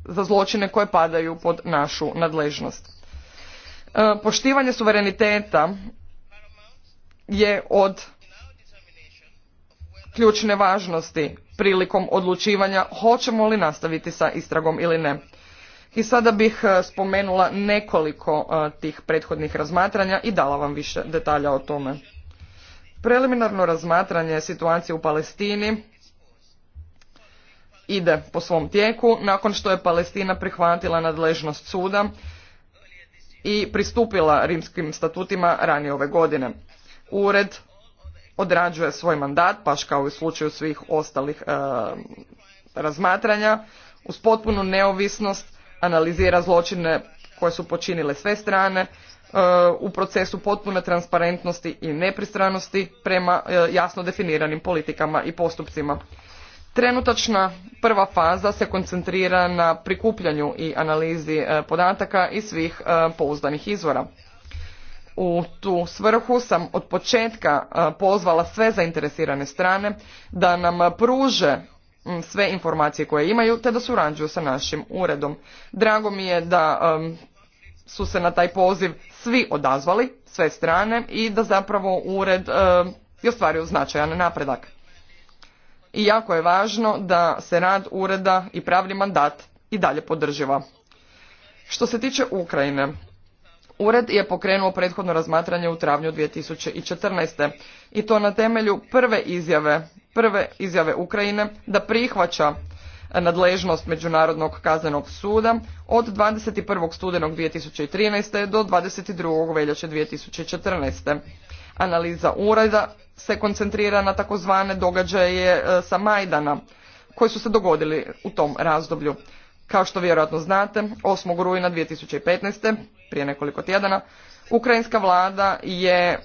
za zločine koje padaju pod našu nadležnost. E, poštivanje suvereniteta je od ključne važnosti prilikom odlučivanja hoćemo li nastaviti sa istragom ili ne. I sada bih e, spomenula nekoliko e, tih prethodnih razmatranja i dala vam više detalja o tome. Preliminarno razmatranje situacije u Palestini ide po svom tijeku nakon što je Palestina prihvatila nadležnost suda i pristupila rimskim statutima ranije ove godine. Ured odrađuje svoj mandat, baš kao i u slučaju svih ostalih e, razmatranja, uz potpunu neovisnost analizira zločine koje su počinile sve strane, e, u procesu potpune transparentnosti i nepristranosti prema e, jasno definiranim politikama i postupcima. Trenutačna prva faza se koncentrira na prikupljanju i analizi podataka iz svih pouzdanih izvora. U tu svrhu sam od početka e, pozvala sve zainteresirane strane da nam pruže sve informacije koje imaju te da surađuju sa našim uredom. Drago mi je da su se na taj poziv svi odazvali, sve strane i da zapravo ured je ostvario značajan napredak. I jako je važno da se rad ureda i pravni mandat i dalje podrživa. Što se tiče Ukrajine, Ured je pokrenuo prethodno razmatranje u travnju 2014. i to na temelju prve izjave, prve izjave Ukrajine da prihvaća e, nadležnost Međunarodnog kaznenog suda od 21. studenog 2013. do 22. veljače 2014. Analiza ureda se koncentrira na takozvane događaje e, sa Majdana koji su se dogodili u tom razdoblju. Kao što vjerojatno znate, 8. rujna 2015. prije nekoliko tjedana, ukrajinska vlada je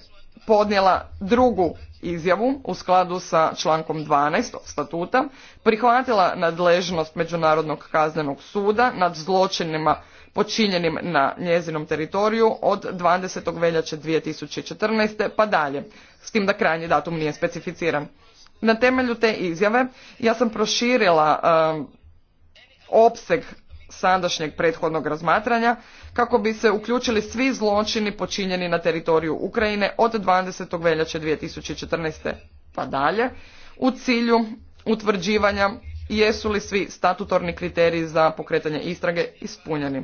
podnijela drugu izjavu u skladu sa člankom 12. statuta, prihvatila nadležnost Međunarodnog kaznenog suda nad zločinima počinjenim na njezinom teritoriju od 20. veljače 2014. pa dalje, s tim da krajnji datum nije specificiran. Na temelju te izjave ja sam proširila opseg sadašnjeg prethodnog razmatranja kako bi se uključili svi zločini počinjeni na teritoriju Ukrajine od 20. veljače 2014. pa dalje u cilju utvrđivanja jesu li svi statutorni kriteriji za pokretanje istrage ispunjeni.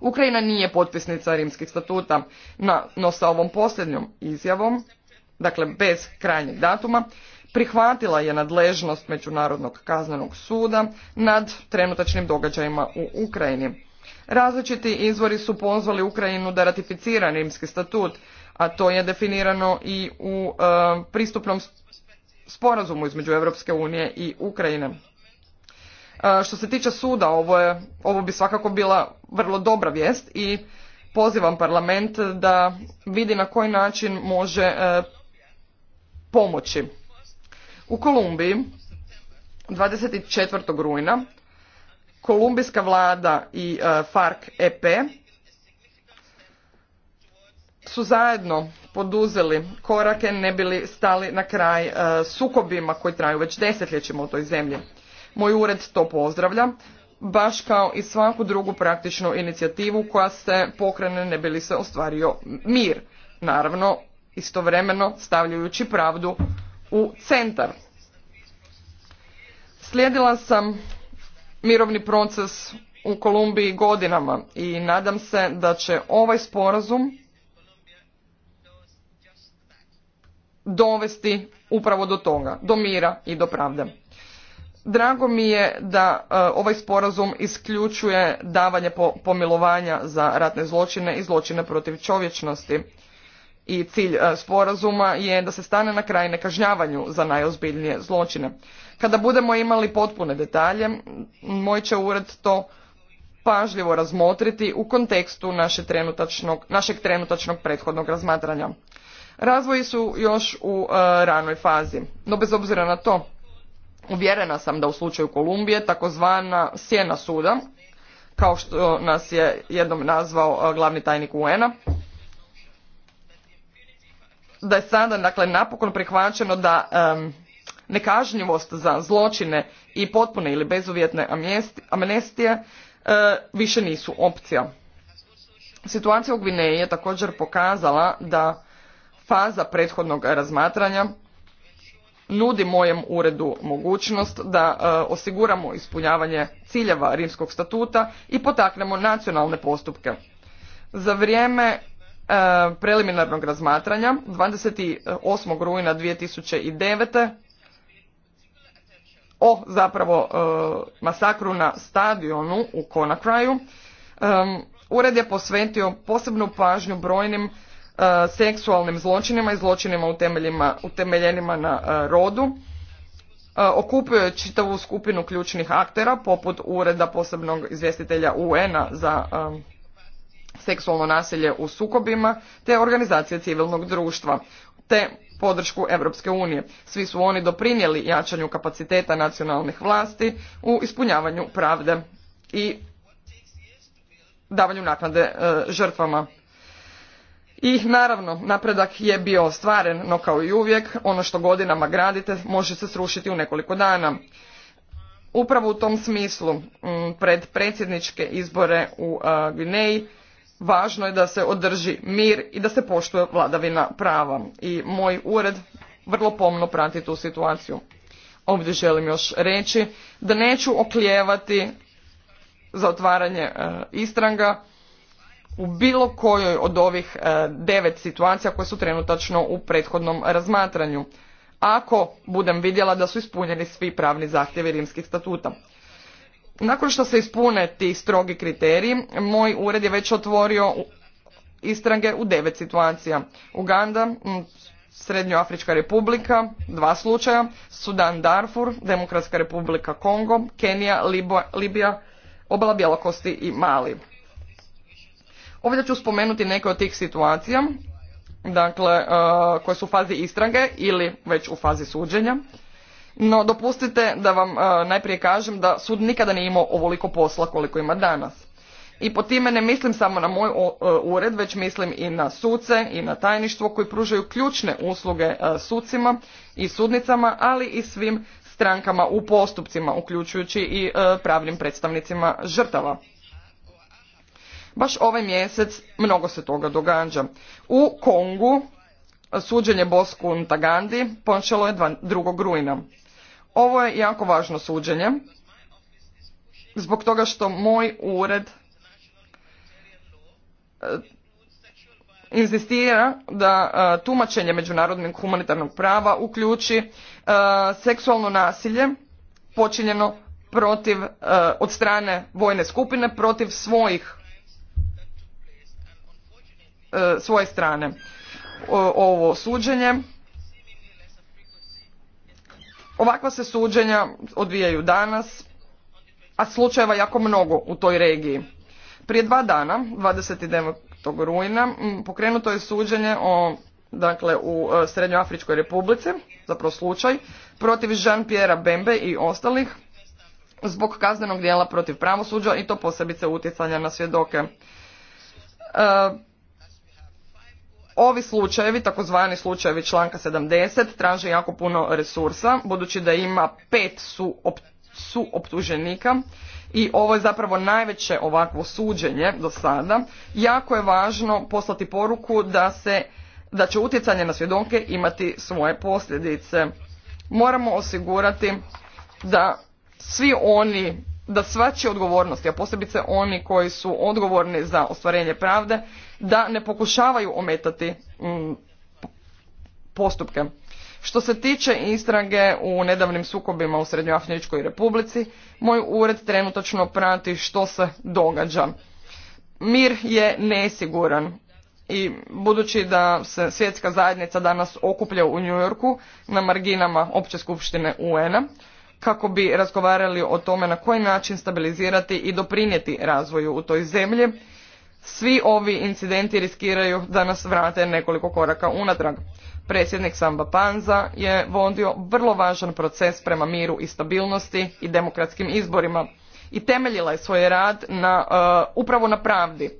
Ukrajina nije potpisnica rimskih statuta, no sa ovom posljednjom izjavom, dakle bez krajnjeg datuma, prihvatila je nadležnost Međunarodnog kaznenog suda nad trenutačnim događajima u Ukrajini. Različiti izvori su pozvali Ukrajinu da ratificira rimski statut, a to je definirano i u e, pristupnom sporazumu između Europske unije i Ukrajine. E, što se tiče suda, ovo, bi svakako bila vrlo dobra vijest i pozivam parlament da vidi na koji način može e, pomoći u Kolumbiji 24. rujna kolumbijska vlada i e, FARC EP su zajedno poduzeli korake ne bili stali na kraj e, sukobima koji traju već desetljećima u toj zemlji. Moj ured to pozdravlja, baš kao i svaku drugu praktičnu inicijativu koja se pokrene ne bili se ostvario mir, naravno istovremeno stavljajući pravdu u centar. Slijedila sam mirovni proces u Kolumbiji godinama i nadam se da će ovaj sporazum dovesti upravo do toga, do mira i do pravde. Drago mi je da e, ovaj sporazum isključuje davanje pomilovanja za ratne zločine i zločine protiv čovječnosti i cilj e, sporazuma je da se stane na kraj nekažnjavanju za najozbiljnije zločine. Kada budemo imali potpune detalje, moj će ured to pažljivo razmotriti u kontekstu naše našeg trenutačnog prethodnog razmatranja. Razvoji su još u e, ranoj fazi, no bez obzira na to, uvjerena sam da u slučaju Kolumbije takozvana sjena suda, kao što nas je jednom nazvao e, glavni tajnik UN-a, da je sada dakle napokon prihvaćeno da um, nekažnjivost za zločine i potpune ili bezuvjetne amnestije e, više nisu opcija. Situacija u Gvineji je također pokazala da faza prethodnog razmatranja nudi mojem uredu mogućnost da e, osiguramo ispunjavanje ciljeva rimskog statuta i potaknemo nacionalne postupke. Za vrijeme E, preliminarnog razmatranja 28. rujna 2009. o zapravo e, masakru na stadionu u Konakraju. E, ured je posvetio posebnu pažnju brojnim seksualnim zločinima i zločinima utemeljenima na rodu. Okupio je čitavu skupinu ključnih aktera poput Ureda posebnog izvjestitelja UN-a za seksualno nasilje u sukobima te organizacije civilnog društva te podršku Europske unije. Svi su oni doprinijeli jačanju kapaciteta nacionalnih vlasti u ispunjavanju pravde i davanju naknade e, žrtvama. I naravno, napredak je bio ostvaren, no kao i uvijek, ono što godinama gradite može se srušiti u nekoliko dana. Upravo u tom smislu, pred predsjedničke izbore u e, Gineji važno je da se održi mir i da se poštuje vladavina prava. I moj ured vrlo pomno prati tu situaciju. Ovdje želim još reći da neću oklijevati za otvaranje e, istranga u bilo kojoj od ovih e, devet situacija koje su trenutačno u prethodnom razmatranju, ako budem vidjela da su ispunjeni svi pravni zahtjevi rimskih statuta. Nakon što se ispune ti strogi kriteriji, moj ured je već otvorio istrage u devet situacija. Uganda, Srednjoafrička republika, dva slučaja, Sudan Darfur, Demokratska republika Kongo, Kenija, Libija, obala Bjelokosti i Mali. Ovdje ću spomenuti neke od tih situacija, dakle, e, koje su u fazi istrage ili već u fazi suđenja. No, dopustite da vam e, najprije kažem da sud nikada nije imao ovoliko posla koliko ima danas. I po time ne mislim samo na moj e, ured, već mislim i na suce i na tajništvo koji pružaju ključne usluge e, sucima i sudnicama, ali i svim strankama u postupcima, uključujući i pravnim predstavnicima žrtava. Baš ovaj mjesec mnogo se toga događa. U Kongu suđenje Bosku Ntagandi počelo je 2. rujna. Ovo je jako važno suđenje, zbog toga što moj ured e, inzistira da e, tumačenje međunarodnog humanitarnog prava uključi e, seksualno nasilje počinjeno protiv od strane vojne skupine protiv svojih svoje strane ovo suđenje Ovakva se suđenja odvijaju danas, a slučajeva jako mnogo u toj regiji. Prije dva dana, 29. rujna, pokrenuto je suđenje o, dakle, u e, Srednjoafričkoj republici, zapravo slučaj, protiv Jean-Pierre Bembe i ostalih zbog kaznenog dijela protiv pravosuđa i to posebice utjecanja na svjedoke. E, Ovi slučajevi, takozvani slučajevi članka 70, traže jako puno resursa, budući da ima pet su optuženika i ovo je zapravo najveće ovakvo suđenje do sada. Jako je važno poslati poruku da, se, da će utjecanje na svjedoke imati svoje posljedice. Moramo osigurati da svi oni da svačije odgovornosti, a posebice oni koji su odgovorni za ostvarenje pravde, da ne pokušavaju ometati mm, postupke. Što se tiče istrage u nedavnim sukobima u Srednjoafričkoj republici, moj ured trenutačno prati što se događa. Mir je nesiguran i budući da se svjetska zajednica danas okuplja u Yorku na marginama Opće skupštine UN-a, kako bi razgovarali o tome na koji način stabilizirati i doprinijeti razvoju u toj zemlji. Svi ovi incidenti riskiraju da nas vrate nekoliko koraka unatrag. Predsjednik Samba Panza je vodio vrlo važan proces prema miru i stabilnosti i demokratskim izborima i temeljila je svoj rad na, uh, upravo na pravdi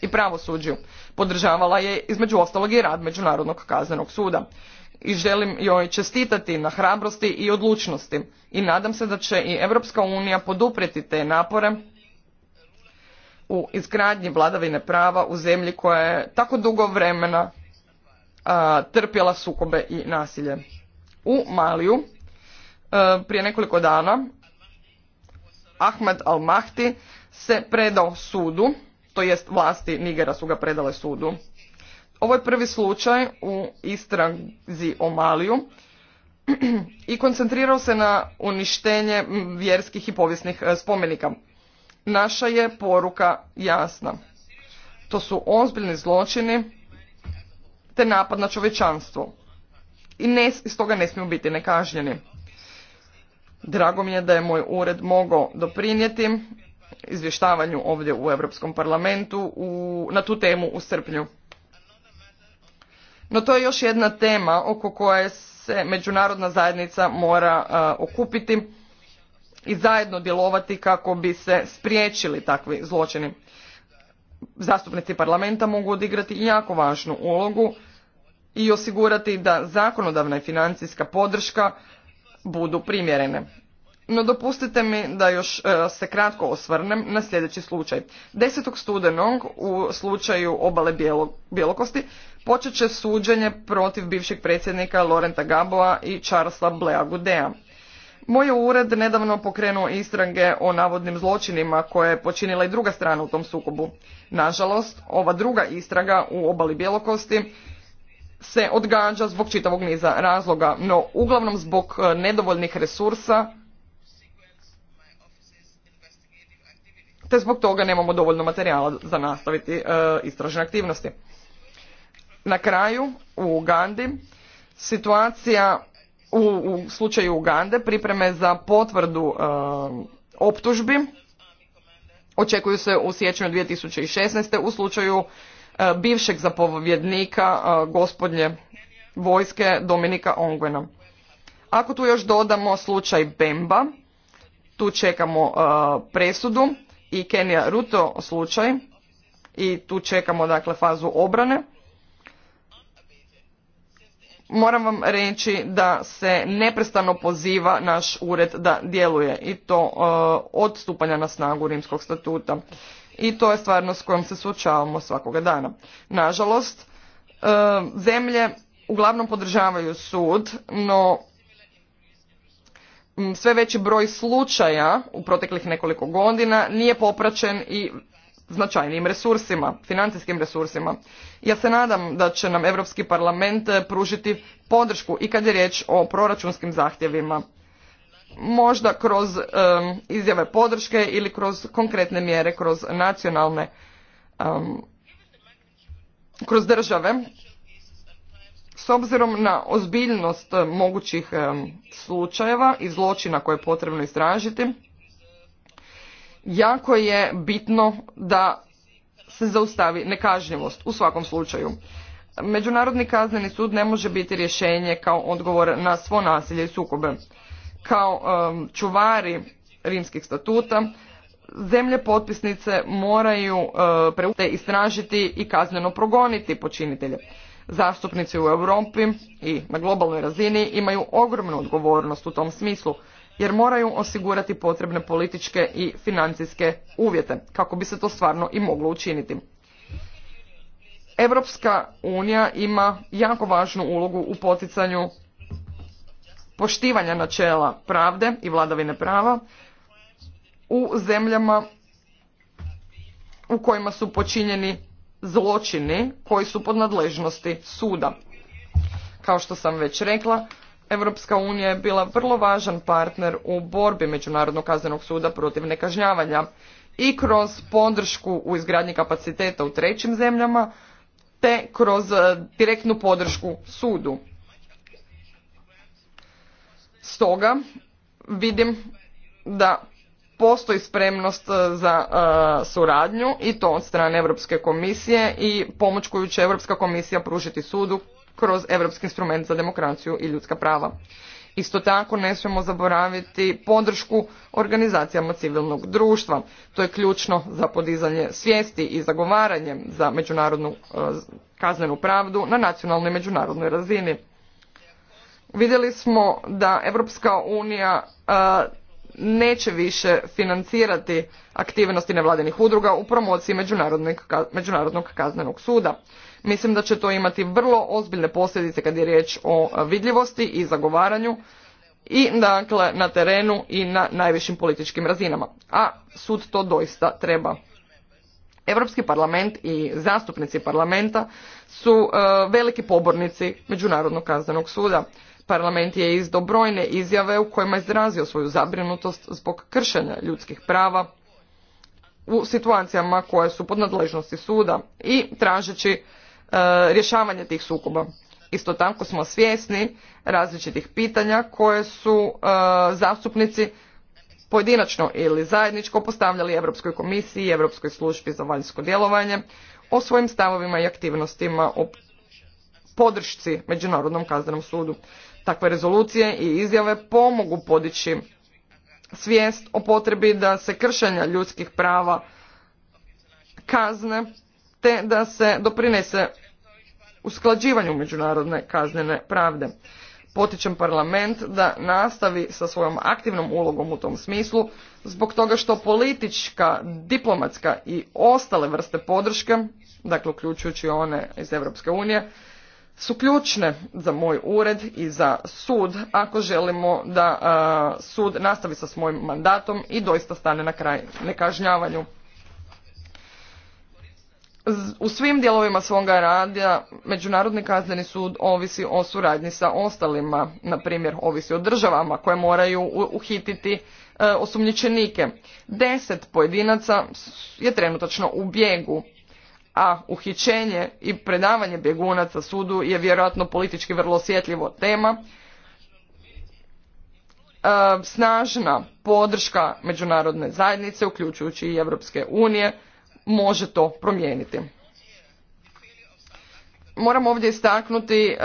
i pravosuđu. Podržavala je između ostalog i rad Međunarodnog kaznenog suda i želim joj čestitati na hrabrosti i odlučnosti i nadam se da će i Europska unija poduprijeti te napore u izgradnji vladavine prava u zemlji koja je tako dugo vremena trpjela sukobe i nasilje. U Maliju prije nekoliko dana Ahmed al Mahti se predao sudu, to jest vlasti Nigera su ga predale sudu ovo je prvi slučaj u istrazi o Maliju i koncentrirao se na uništenje vjerskih i povijesnih e, spomenika. Naša je poruka jasna. To su ozbiljni zločini te napad na čovečanstvo. I ne, iz toga ne smiju biti nekažnjeni. Drago mi je da je moj ured mogao doprinijeti izvještavanju ovdje u Europskom parlamentu u, na tu temu u srpnju. No to je još jedna tema oko koje se međunarodna zajednica mora e, okupiti i zajedno djelovati kako bi se spriječili takvi zločini. Zastupnici parlamenta mogu odigrati jako važnu ulogu i osigurati da zakonodavna i financijska podrška budu primjerene. No dopustite mi da još e, se kratko osvrnem na sljedeći slučaj. 10. studenog u slučaju obale Bjelokosti počet će suđenje protiv bivšeg predsjednika Lorenta Gaboa i Charlesa Blea Gudea. Moj ured nedavno pokrenuo istrage o navodnim zločinima koje je počinila i druga strana u tom sukobu. Nažalost, ova druga istraga u obali Bjelokosti se odgađa zbog čitavog niza razloga, no uglavnom zbog e, nedovoljnih resursa te zbog toga nemamo dovoljno materijala za nastaviti e, istražne aktivnosti. Na kraju, u Ugandi, situacija u, u slučaju Ugande, pripreme za potvrdu e, optužbi, očekuju se u siječnju 2016. u slučaju e, bivšeg zapovjednika e, gospodnje vojske Dominika Ongvena. Ako tu još dodamo slučaj Bemba, tu čekamo e, presudu i Kenija Ruto slučaj i tu čekamo dakle fazu obrane moram vam reći da se neprestano poziva naš ured da djeluje i to e, od stupanja na snagu rimskog statuta i to je stvarnost s kojom se suočavamo svakoga dana nažalost e, zemlje uglavnom podržavaju sud no sve veći broj slučaja u proteklih nekoliko godina nije popraćen i značajnijim resursima, financijskim resursima. Ja se nadam da će nam Europski parlament pružiti podršku i kad je riječ o proračunskim zahtjevima. Možda kroz izjave podrške ili kroz konkretne mjere, kroz nacionalne, kroz države. S obzirom na ozbiljnost mogućih slučajeva i zločina koje je potrebno istražiti, jako je bitno da se zaustavi nekažnjivost u svakom slučaju. Međunarodni kazneni sud ne može biti rješenje kao odgovor na svo nasilje i sukobe. Kao čuvari rimskih statuta, zemlje potpisnice moraju uh, e, preute istražiti i kazneno progoniti počinitelje. Zastupnici u Europi i na globalnoj razini imaju ogromnu odgovornost u tom smislu jer moraju osigurati potrebne političke i financijske uvjete kako bi se to stvarno i moglo učiniti. Europska unija ima jako važnu ulogu u poticanju poštivanja načela pravde i vladavine prava u zemljama u kojima su počinjeni zločini koji su pod nadležnosti suda. Kao što sam već rekla, Europska unija je bila vrlo važan partner u borbi Međunarodnog kaznenog suda protiv nekažnjavanja i kroz podršku u izgradnji kapaciteta u trećim zemljama te kroz e, direktnu podršku sudu. Stoga vidim da postoji spremnost e, za e, suradnju i to od strane Europske komisije i pomoć koju će Europska komisija pružiti sudu kroz Europski instrument za demokraciju i ljudska prava. Isto tako ne smijemo zaboraviti podršku organizacijama civilnog društva. To je ključno za podizanje svijesti i zagovaranje za međunarodnu e, kaznenu pravdu na nacionalnoj i međunarodnoj razini. Vidjeli smo da Europska unija e, neće više financirati aktivnosti nevladinih udruga u promociji Međunarodnog kaznenog suda. Mislim da će to imati vrlo ozbiljne posljedice kad je riječ o vidljivosti i zagovaranju i dakle na terenu i na najvišim političkim razinama. A sud to doista treba. Europski parlament i zastupnici parlamenta su e, veliki pobornici Međunarodnog kaznenog suda. Parlament je izdo brojne izjave u kojima je izrazio svoju zabrinutost zbog kršenja ljudskih prava u situacijama koje su pod nadležnosti suda i tražeći E, rješavanje tih sukoba. Isto tako smo svjesni različitih pitanja koje su e, zastupnici pojedinačno ili zajedničko postavljali Europskoj komisiji i Europskoj službi za vanjsko djelovanje o svojim stavovima i aktivnostima o podršci Međunarodnom kaznenom sudu. Takve rezolucije i izjave pomogu podići svijest o potrebi da se kršenja ljudskih prava kazne te da se doprinese usklađivanju međunarodne kaznene pravde. Potičem parlament da nastavi sa svojom aktivnom ulogom u tom smislu zbog toga što politička, diplomatska i ostale vrste podrške, dakle uključujući one iz Europske unije, su ključne za moj ured i za sud ako želimo da sud nastavi sa svojim mandatom i doista stane na kraj nekažnjavanju u svim dijelovima svoga rada Međunarodni kazneni sud ovisi o suradnji sa ostalima, na primjer ovisi o državama koje moraju uhititi e, osumnjičenike. Deset pojedinaca je trenutačno u bjegu, a uhićenje i predavanje bjegunaca sudu je vjerojatno politički vrlo osjetljivo tema. E, snažna podrška međunarodne zajednice, uključujući i Europske unije, može to promijeniti. Moram ovdje istaknuti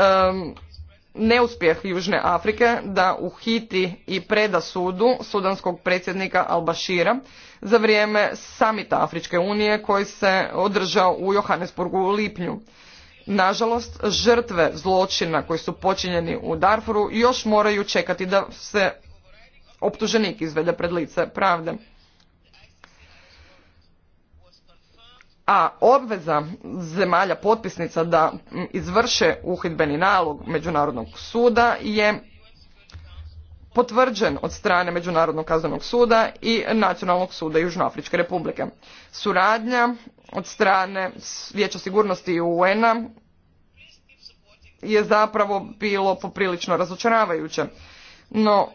neuspjeh Južne Afrike da uhiti i preda sudu sudanskog predsjednika Al-Bashira za vrijeme samita Afričke unije koji se održao u Johannesburgu u lipnju. Nažalost, žrtve zločina koji su počinjeni u Darfuru još moraju čekati da se optuženik izvede pred lice pravde. a obveza zemalja potpisnica da izvrše uhidbeni nalog Međunarodnog suda je potvrđen od strane Međunarodnog kaznenog suda i Nacionalnog suda Južnoafričke republike. Suradnja od strane Vijeća sigurnosti UN-a je zapravo bilo poprilično razočaravajuće. No,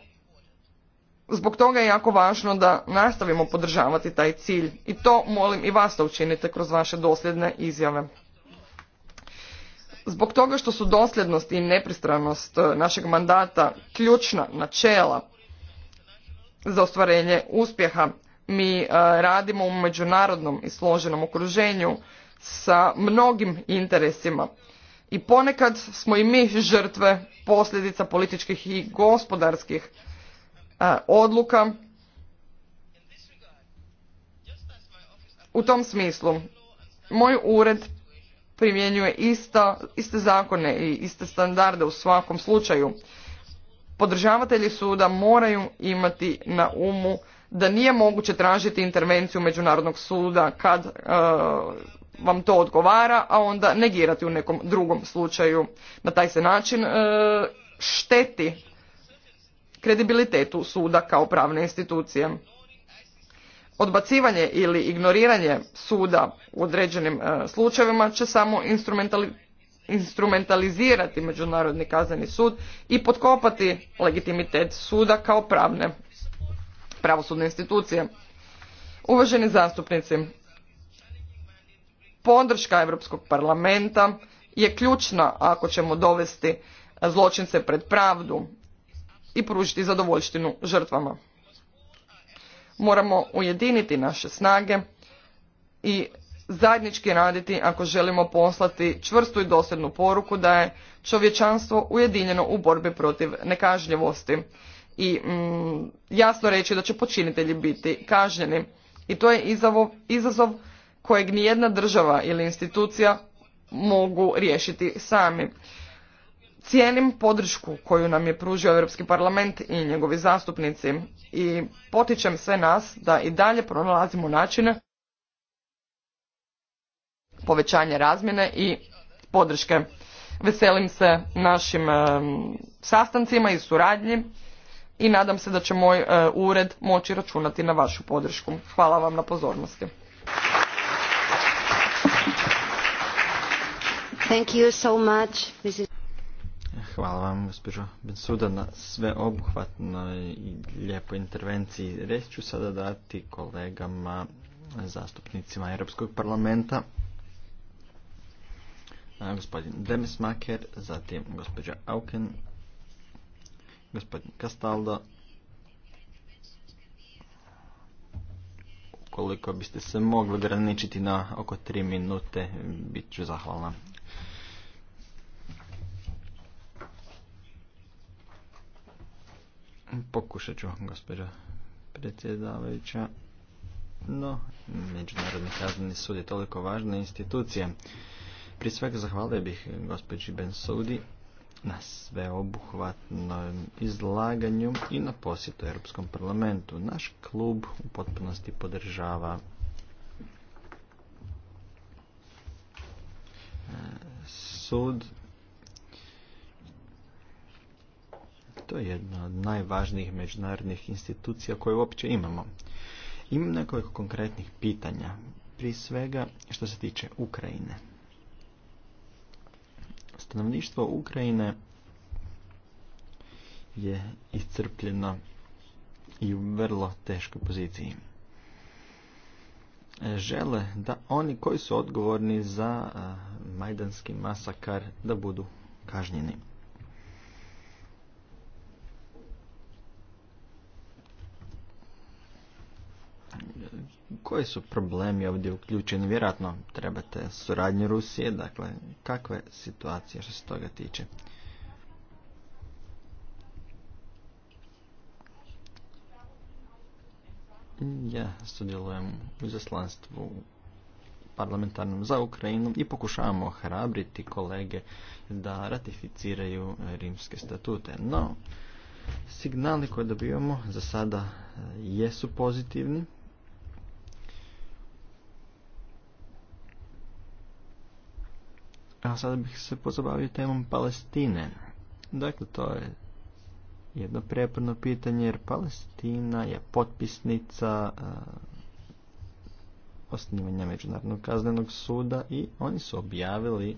Zbog toga je jako važno da nastavimo podržavati taj cilj i to molim i vas da učinite kroz vaše dosljedne izjave. Zbog toga što su dosljednost i nepristranost e, našeg mandata ključna načela za ostvarenje uspjeha, mi e, radimo u međunarodnom i složenom okruženju sa mnogim interesima i ponekad smo i mi žrtve posljedica političkih i gospodarskih odluka. U tom smislu, moj ured primjenjuje ista, iste zakone i iste standarde u svakom slučaju. Podržavatelji suda moraju imati na umu da nije moguće tražiti intervenciju Međunarodnog suda kad e, vam to odgovara, a onda negirati u nekom drugom slučaju. Na taj se način e, šteti kredibilitetu suda kao pravne institucije. Odbacivanje ili ignoriranje suda u određenim e, slučajevima će samo instrumentalizirati Međunarodni kazneni sud i potkopati legitimitet suda kao pravne pravosudne institucije. Uvaženi zastupnici, podrška Europskog parlamenta je ključna ako ćemo dovesti zločince pred pravdu i pružiti zadovoljštinu žrtvama. Moramo ujediniti naše snage i zajednički raditi ako želimo poslati čvrstu i dosljednu poruku da je čovječanstvo ujedinjeno u borbi protiv nekažnjivosti i mm, jasno reći da će počinitelji biti kažnjeni. I to je izazov, izazov kojeg nijedna država ili institucija mogu riješiti sami. Cijenim podršku koju nam je pružio Europski parlament i njegovi zastupnici i potičem sve nas da i dalje pronalazimo načine povećanja razmjene i podrške. Veselim se našim sastancima i suradnji i nadam se da će moj e, ured moći računati na vašu podršku. Hvala vam na pozornosti. Thank you so much. Hvala vam, gospođo Bensuda, na sveobuhvatnoj i lijepoj intervenciji. Reći ću sada dati kolegama, zastupnicima Europskog parlamenta, gospodin Demismaker, zatim gospođa Auken, gospodin Castaldo. Koliko biste se mogli ograničiti na oko tri minute, bit ću zahvalna. Pokušat ću, gospođo predsjedavajuća. No, Međunarodni kazneni sud je toliko važna institucija. Prije svega zahvalio bih gospođi Ben Saudi na sveobuhvatnom izlaganju i na posjetu Europskom parlamentu. Naš klub u potpunosti podržava e, sud To je jedna od najvažnijih međunarodnih institucija koje uopće imamo. Imam nekoliko konkretnih pitanja. Prije svega što se tiče Ukrajine. Stanovništvo Ukrajine je iscrpljeno i u vrlo teškoj poziciji. Žele da oni koji su odgovorni za majdanski masakar da budu kažnjeni. koji su problemi ovdje uključeni? Vjerojatno trebate suradnju Rusije, dakle, kakva je situacija što se toga tiče? Ja sudjelujem u zaslanstvu parlamentarnom za Ukrajinu i pokušavamo hrabriti kolege da ratificiraju rimske statute. No, signali koje dobivamo za sada jesu pozitivni. A sada bih se pozabavio temom Palestine. Dakle, to je jedno preporno pitanje jer Palestina je potpisnica e, osnivanja Međunarodnog kaznenog suda i oni su objavili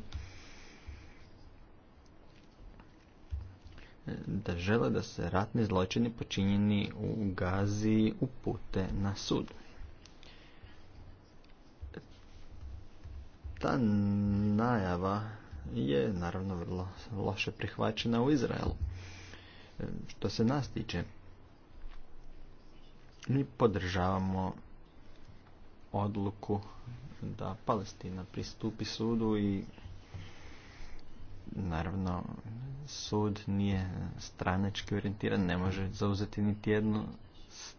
e, da žele da se ratni zločini počinjeni u Gazi upute na sud. ta najava je naravno vrlo loše prihvaćena u Izraelu. E, što se nas tiče, mi podržavamo odluku da Palestina pristupi sudu i naravno sud nije stranački orijentiran, ne može zauzeti niti jednu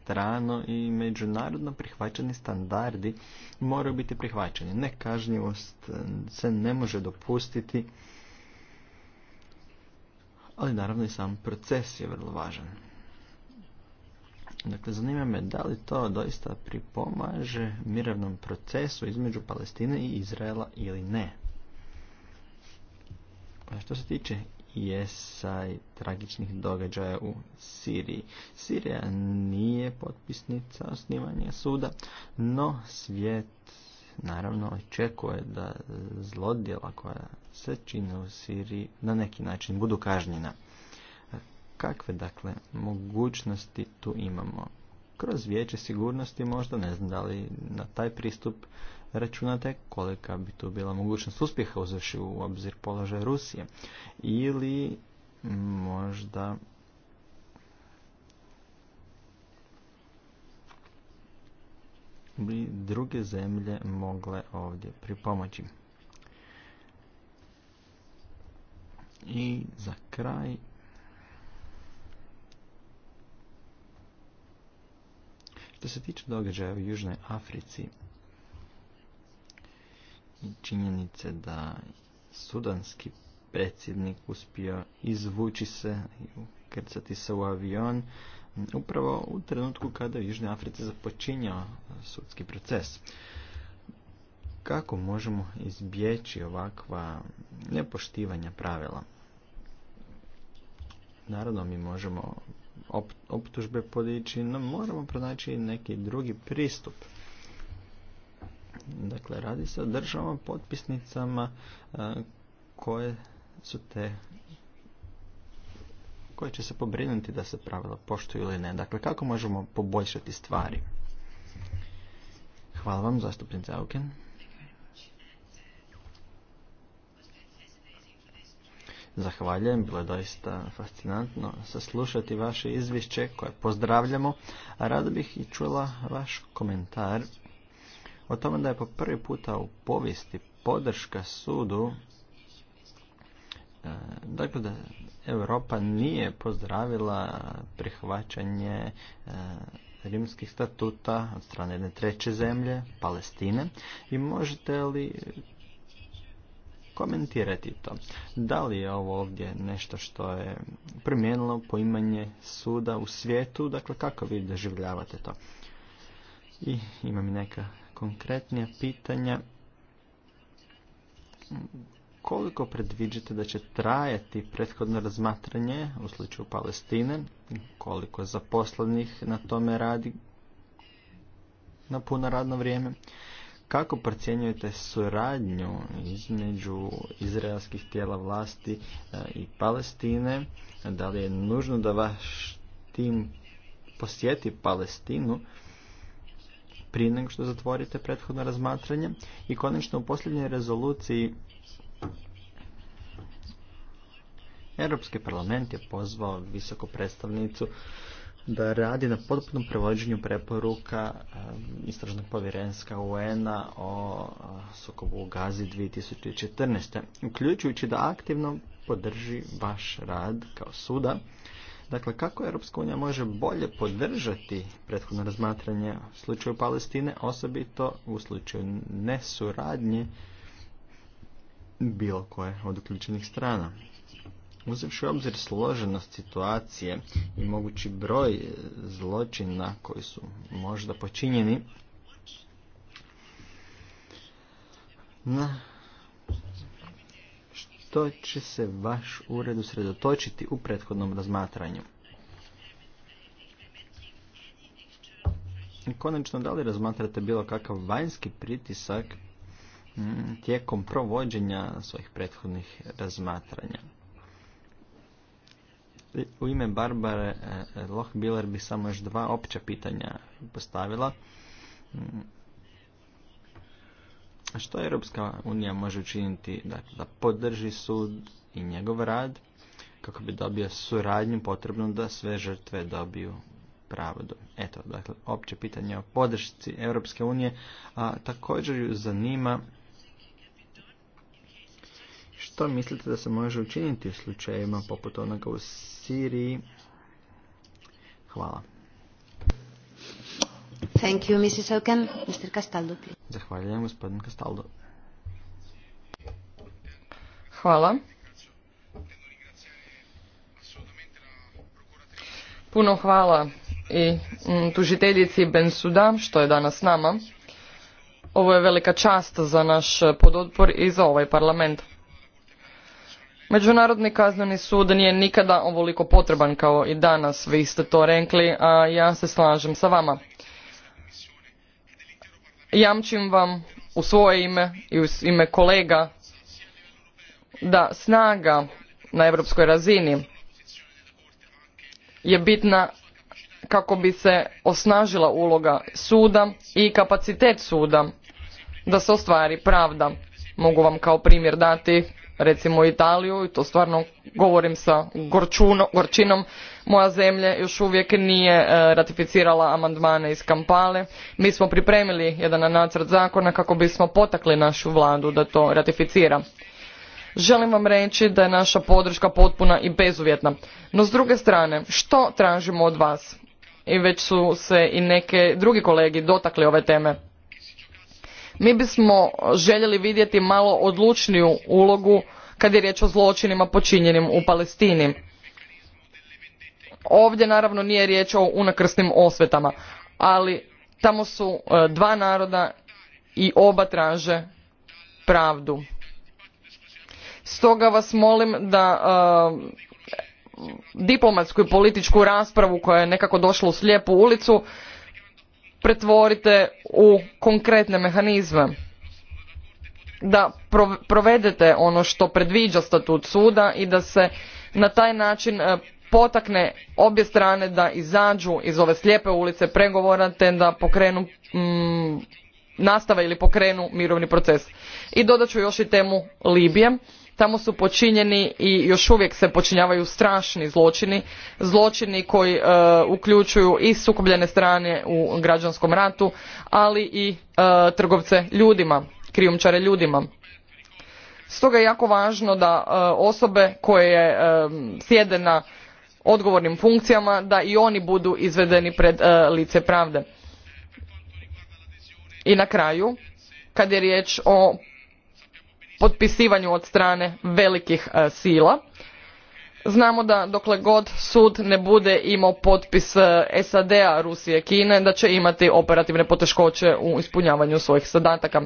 strano i međunarodno prihvaćeni standardi moraju biti prihvaćeni. Nekažnjivost eh, se ne može dopustiti, ali naravno i sam proces je vrlo važan. Dakle, zanima me da li to doista pripomaže mirovnom procesu između Palestine i Izraela ili ne. što se tiče jesaj tragičnih događaja u Siriji. Sirija nije potpisnica osnivanja suda, no svijet naravno očekuje da zlodjela koja se čine u Siriji na neki način budu kažnjena. Kakve dakle mogućnosti tu imamo? Kroz vijeće sigurnosti možda, ne znam da li na taj pristup računate kolika bi tu bila mogućnost uspjeha uzevši u obzir položaj Rusije ili možda bi druge zemlje mogle ovdje pripomoći. I za kraj Što se tiče događaja u Južnoj Africi, činjenice da sudanski predsjednik uspio izvući se i ukrcati se u avion upravo u trenutku kada je u Južnoj započinjao sudski proces. Kako možemo izbjeći ovakva nepoštivanja pravila? Naravno, mi možemo optužbe podići, no moramo pronaći neki drugi pristup Dakle, radi se o državama potpisnicama e, koje su te koje će se pobrinuti da se pravila poštuju ili ne. Dakle, kako možemo poboljšati stvari? Hvala vam, zastupnice Auken. Zahvaljujem, bilo je doista fascinantno saslušati vaše izvješće koje pozdravljamo, a rado bih i čula vaš komentar o tome da je po prvi puta u povijesti podrška sudu e, dakle da Europa nije pozdravila prihvaćanje e, rimskih statuta od strane jedne treće zemlje, Palestine i možete li komentirati to. Da li je ovo ovdje nešto što je promijenilo poimanje suda u svijetu, dakle kako vi doživljavate to? I imam neka konkretnija pitanja. Koliko predviđate da će trajati prethodno razmatranje u slučaju Palestine? Koliko zaposlenih na tome radi na puno radno vrijeme? Kako procjenjujete suradnju između izraelskih tijela vlasti e, i Palestine? Da li je nužno da vaš tim posjeti Palestinu? prije nego što zatvorite prethodno razmatranje. I konačno u posljednjoj rezoluciji Europski parlament je pozvao visoku predstavnicu da radi na potpunom prevođenju preporuka um, Istražnog povjerenska UN-a o sukobu u Gazi 2014. Uključujući da aktivno podrži vaš rad kao suda Dakle, kako Europska unija može bolje podržati prethodno razmatranje u slučaju Palestine, osobito u slučaju nesuradnje bilo koje od uključenih strana? Uzevši u obzir složenost situacije i mogući broj zločina koji su možda počinjeni, na što će se vaš ured usredotočiti u prethodnom razmatranju? I Konačno, da li razmatrate bilo kakav vanjski pritisak mm, tijekom provođenja svojih prethodnih razmatranja? U ime Barbare eh, eh, Lohbiler bi samo još dva opća pitanja postavila mm, što Europska unija može učiniti dakle, da podrži sud i njegov rad kako bi dobio suradnju potrebnu da sve žrtve dobiju pravdu. Eto, dakle, opće pitanje o podršci Europske unije, a također ju zanima što mislite da se može učiniti u slučajevima poput onoga u Siriji. Hvala. Thank Puno hvala i mm, tužiteljici suda što je danas s nama. Ovo je velika čast za naš pododpor i za ovaj parlament. Međunarodni kazneni sud nije nikada ovoliko potreban kao i danas, vi ste to rekli, a ja se slažem sa vama jamčim vam u svoje ime i u ime kolega da snaga na europskoj razini je bitna kako bi se osnažila uloga suda i kapacitet suda da se ostvari pravda. Mogu vam kao primjer dati recimo Italiju i to stvarno govorim sa gorčinom moja zemlja još uvijek nije e, ratificirala amandmane iz Kampale. Mi smo pripremili jedan nacrt zakona kako bismo potakli našu vladu da to ratificira. Želim vam reći da je naša podrška potpuna i bezuvjetna. No s druge strane, što tražimo od vas? I već su se i neke drugi kolegi dotakli ove teme. Mi bismo željeli vidjeti malo odlučniju ulogu kad je riječ o zločinima počinjenim u Palestini Ovdje naravno nije riječ o unakrsnim osvetama, ali tamo su e, dva naroda i oba traže pravdu. Stoga vas molim da e, diplomatsku i političku raspravu koja je nekako došla u slijepu ulicu pretvorite u konkretne mehanizme. Da provedete ono što predviđa statut suda i da se na taj način e, potakne obje strane da izađu iz ove slijepe ulice pregovora te da pokrenu mm, nastave ili pokrenu mirovni proces. I dodat ću još i temu Libije. Tamo su počinjeni i još uvijek se počinjavaju strašni zločini, zločini koji e, uključuju i sukobljene strane u građanskom ratu, ali i e, trgovce ljudima, krijumčare ljudima. Stoga je jako važno da e, osobe koje sjede na odgovornim funkcijama da i oni budu izvedeni pred e, lice pravde. I na kraju, kad je riječ o potpisivanju od strane velikih e, sila, znamo da dokle god sud ne bude imao potpis e, sad a rusije kine da će imati operativne poteškoće u ispunjavanju svojih zadataka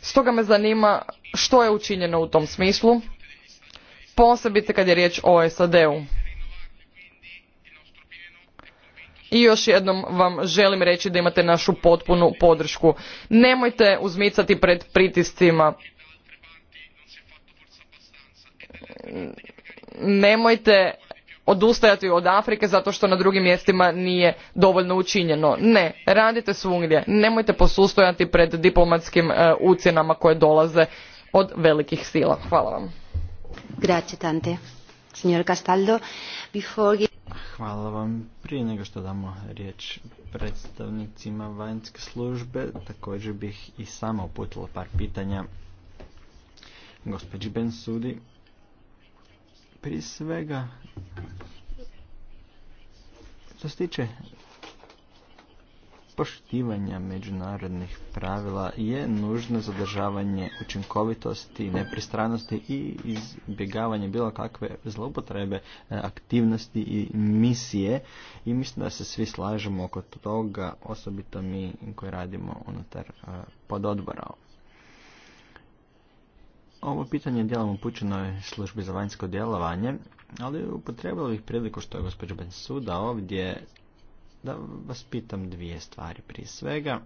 stoga me zanima što je učinjeno u tom smislu posebice kad je riječ o sad u i još jednom vam želim reći da imate našu potpunu podršku. Nemojte uzmicati pred pritiscima. Nemojte odustajati od Afrike zato što na drugim mjestima nije dovoljno učinjeno. Ne, radite svugdje. Nemojte posustojati pred diplomatskim e, ucjenama koje dolaze od velikih sila. Hvala vam. Grazie tante. Castaldo, Hvala vam. Prije nego što damo riječ predstavnicima vanjske službe, također bih i sama uputila par pitanja gospođi Bensudi. Prije svega, što se tiče poštivanja međunarodnih pravila je nužno zadržavanje učinkovitosti, nepristranosti i izbjegavanje bilo kakve zloupotrebe e, aktivnosti i misije i mislim da se svi slažemo oko toga, osobito mi koji radimo unutar e, pododbora. Ovo pitanje je dijelom upućeno službi za vanjsko djelovanje, ali upotrebalo bih priliku što je gospođa Bensuda ovdje da vas pitam dvije stvari. Prije svega,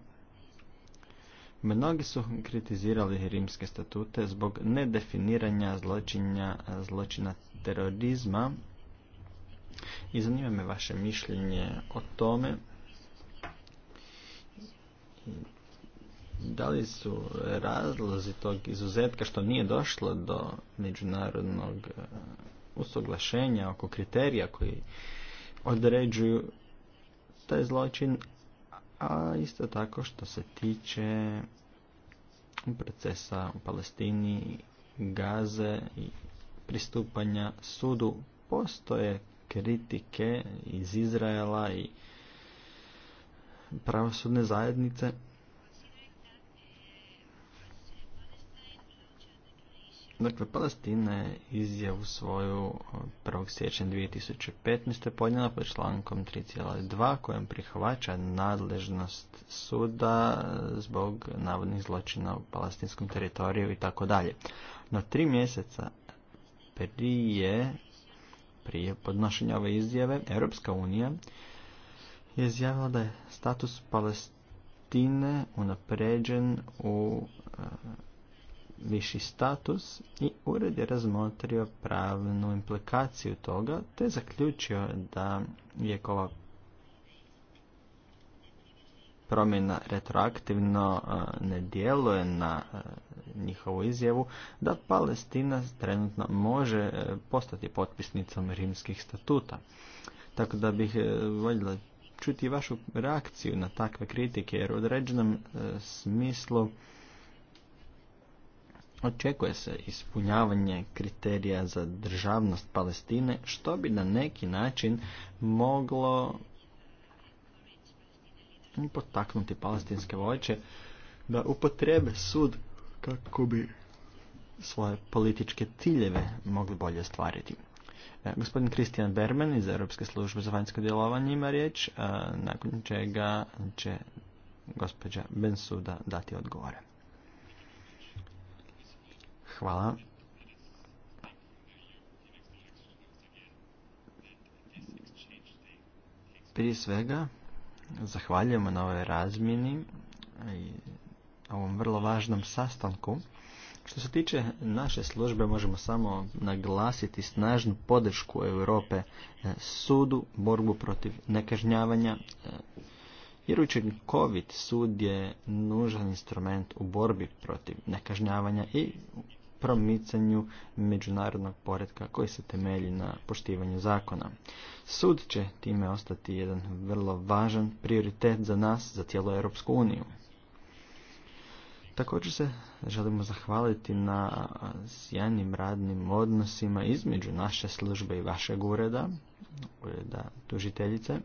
mnogi su kritizirali rimske statute zbog nedefiniranja zločinja, zločina terorizma i zanima me vaše mišljenje o tome da li su razlozi tog izuzetka što nije došlo do međunarodnog e, usoglašenja oko kriterija koji određuju taj zločin, a isto tako što se tiče procesa u Palestini, Gaze i pristupanja sudu, postoje kritike iz Izraela i pravosudne zajednice Dakle, Palestina je izjavu svoju 1. E, siječnja 2015. podnijela pod člankom 3.2 kojem prihvaća nadležnost suda e, zbog navodnih zločina u palestinskom teritoriju i tako dalje. No tri mjeseca prije, prije podnošenja ove izjave, Europska unija je izjavila da je status Palestine unapređen u e, viši status i ured je razmotrio pravnu implikaciju toga te zaključio da je ova promjena retroaktivno ne djeluje na njihovu izjavu da Palestina trenutno može e, postati potpisnicom rimskih statuta. Tako da bih e, voljela čuti vašu reakciju na takve kritike jer u određenom e, smislu Očekuje se ispunjavanje kriterija za državnost Palestine, što bi na neki način moglo potaknuti palestinske voće da upotrebe sud kako bi svoje političke ciljeve mogli bolje ostvariti. E, gospodin Kristijan Berman iz Europske službe za vanjsko djelovanje ima riječ, nakon čega će gospođa Bensuda dati odgovore. Hvala. Prije svega, zahvaljujemo na ovoj razmjeni i ovom vrlo važnom sastanku. Što se tiče naše službe, možemo samo naglasiti snažnu podršku Europe e, sudu, borbu protiv nekažnjavanja, e, jer učinkovit sud je nužan instrument u borbi protiv nekažnjavanja i promicanju međunarodnog poretka koji se temelji na poštivanju zakona. Sud će time ostati jedan vrlo važan prioritet za nas, za cijelu Europsku uniju. Također se želimo zahvaliti na sjajnim radnim odnosima između naše službe i vašeg ureda, ureda tužiteljice,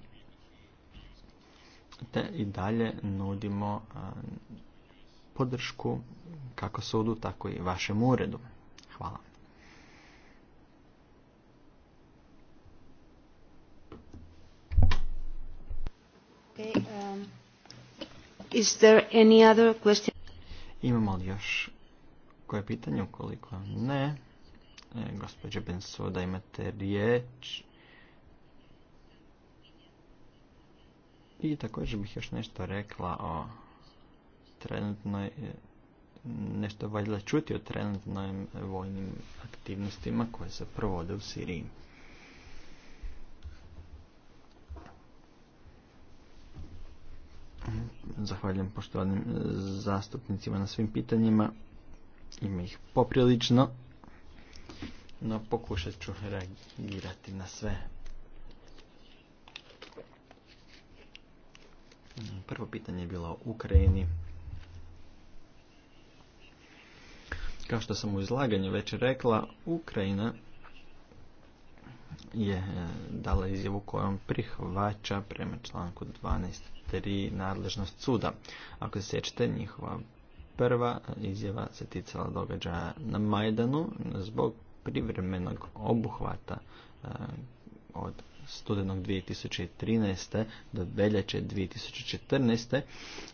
te i dalje nudimo podršku kako sudu, tako i vašem uredu. Hvala. Okay, um, Imamo li još koje pitanje? Ukoliko ne, e, gospođe Benso, da imate riječ. I također bih još nešto rekla o trenutnoj nešto valjda čuti o trenutnim vojnim aktivnostima koje se provode u Siriji. Zahvaljujem poštovanim zastupnicima na svim pitanjima. Ima ih poprilično, no pokušat ću reagirati na sve. Prvo pitanje je bilo o Ukrajini. Kao što sam u izlaganju već rekla, Ukrajina je e, dala izjavu kojom prihvaća prema članku 12.3 nadležnost suda. Ako se sjećate, njihova prva izjava se ticala događaja na Majdanu zbog privremenog obuhvata e, od studenog 2013. do veljače 2014.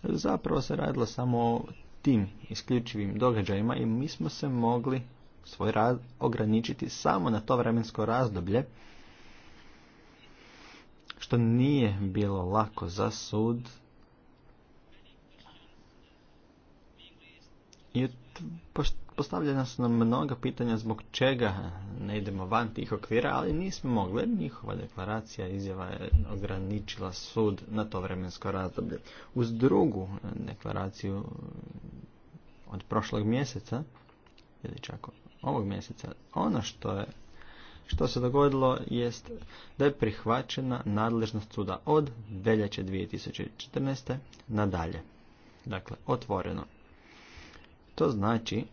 zapravo se radilo samo o tim isključivim događajima i mi smo se mogli svoj rad ograničiti samo na to vremensko razdoblje što nije bilo lako za sud i pošto Postavljena su nam mnoga pitanja zbog čega ne idemo van tih okvira, ali nismo mogli. Njihova deklaracija izjava je ograničila sud na to vremensko razdoblje. Uz drugu deklaraciju od prošlog mjeseca, ili čak ovog mjeseca, ono što je što se dogodilo jest da je prihvaćena nadležnost suda od veljače 2014. nadalje. Dakle, otvoreno. To znači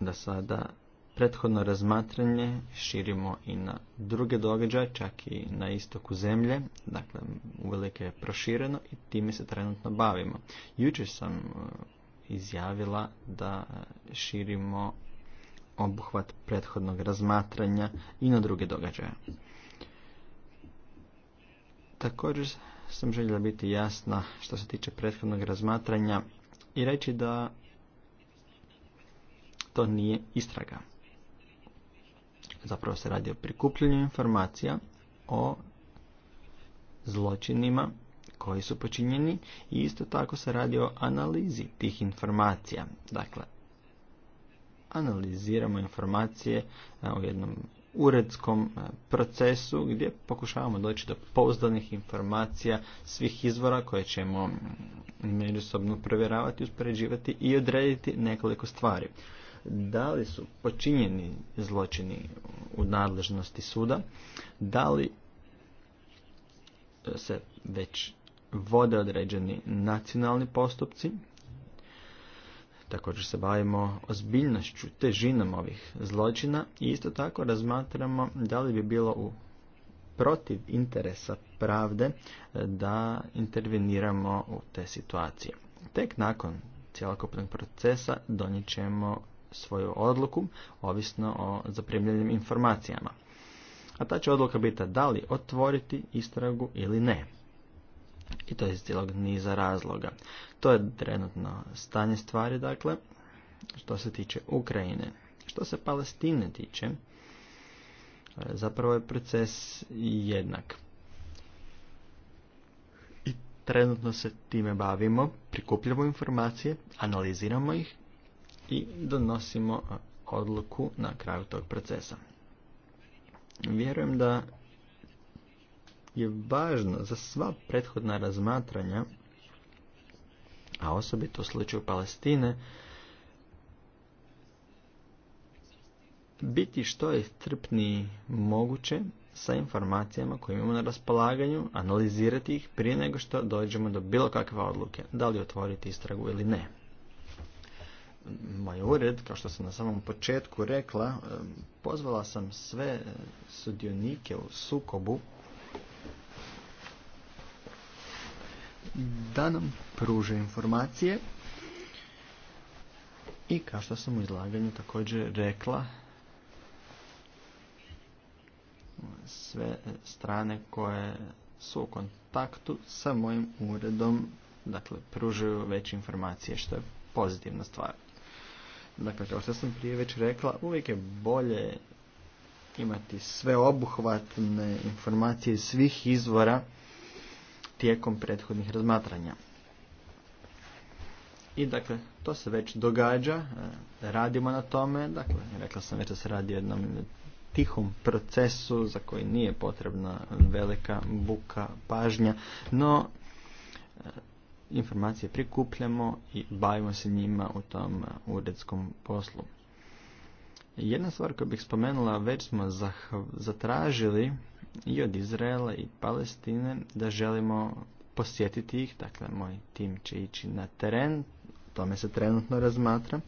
da sada prethodno razmatranje širimo i na druge događaje, čak i na istoku zemlje, dakle uvelike je prošireno i time se trenutno bavimo. Jučer sam e, izjavila da e, širimo obuhvat prethodnog razmatranja i na druge događaje. Također sam željela biti jasna što se tiče prethodnog razmatranja i reći da to nije istraga. Zapravo se radi o prikupljenju informacija o zločinima koji su počinjeni i isto tako se radi o analizi tih informacija. Dakle, analiziramo informacije e, u jednom uredskom e, procesu gdje pokušavamo doći do pouzdanih informacija svih izvora koje ćemo međusobno provjeravati, uspoređivati i odrediti nekoliko stvari da li su počinjeni zločini u nadležnosti suda, da li e, se već vode određeni nacionalni postupci, također se bavimo ozbiljnošću, težinom ovih zločina i isto tako razmatramo da li bi bilo u protiv interesa pravde e, da interveniramo u te situacije. Tek nakon cjelokupnog procesa donijet ćemo svoju odluku, ovisno o zaprimljenim informacijama. A ta će odluka biti da li otvoriti istragu ili ne. I to iz cijelog niza razloga. To je trenutno stanje stvari, dakle, što se tiče Ukrajine. Što se Palestine tiče, e, zapravo je proces jednak. I trenutno se time bavimo, prikupljamo informacije, analiziramo ih i donosimo odluku na kraju tog procesa. Vjerujem da je važno za sva prethodna razmatranja, a osobito u slučaju Palestine, biti što je trpniji moguće sa informacijama koje imamo na raspolaganju, analizirati ih prije nego što dođemo do bilo kakve odluke, da li otvoriti istragu ili ne moj ured, kao što sam na samom početku rekla, e, pozvala sam sve e, sudionike u sukobu da nam pruže informacije i kao što sam u izlaganju također rekla, sve e, strane koje su u kontaktu sa mojim uredom, dakle, pružaju veće informacije, što je pozitivna stvar. Dakle, kao što sam prije već rekla, uvijek je bolje imati sve obuhvatne informacije iz svih izvora tijekom prethodnih razmatranja. I dakle, to se već događa, e, radimo na tome, dakle, rekla sam već da se radi o jednom tihom procesu za koji nije potrebna velika buka pažnja, no e, informacije prikupljamo i bavimo se njima u tom uh, uredskom poslu. Jedna stvar koju bih spomenula, već smo zatražili i od Izraela i Palestine da želimo posjetiti ih, dakle moj tim će ići na teren, tome se trenutno razmatra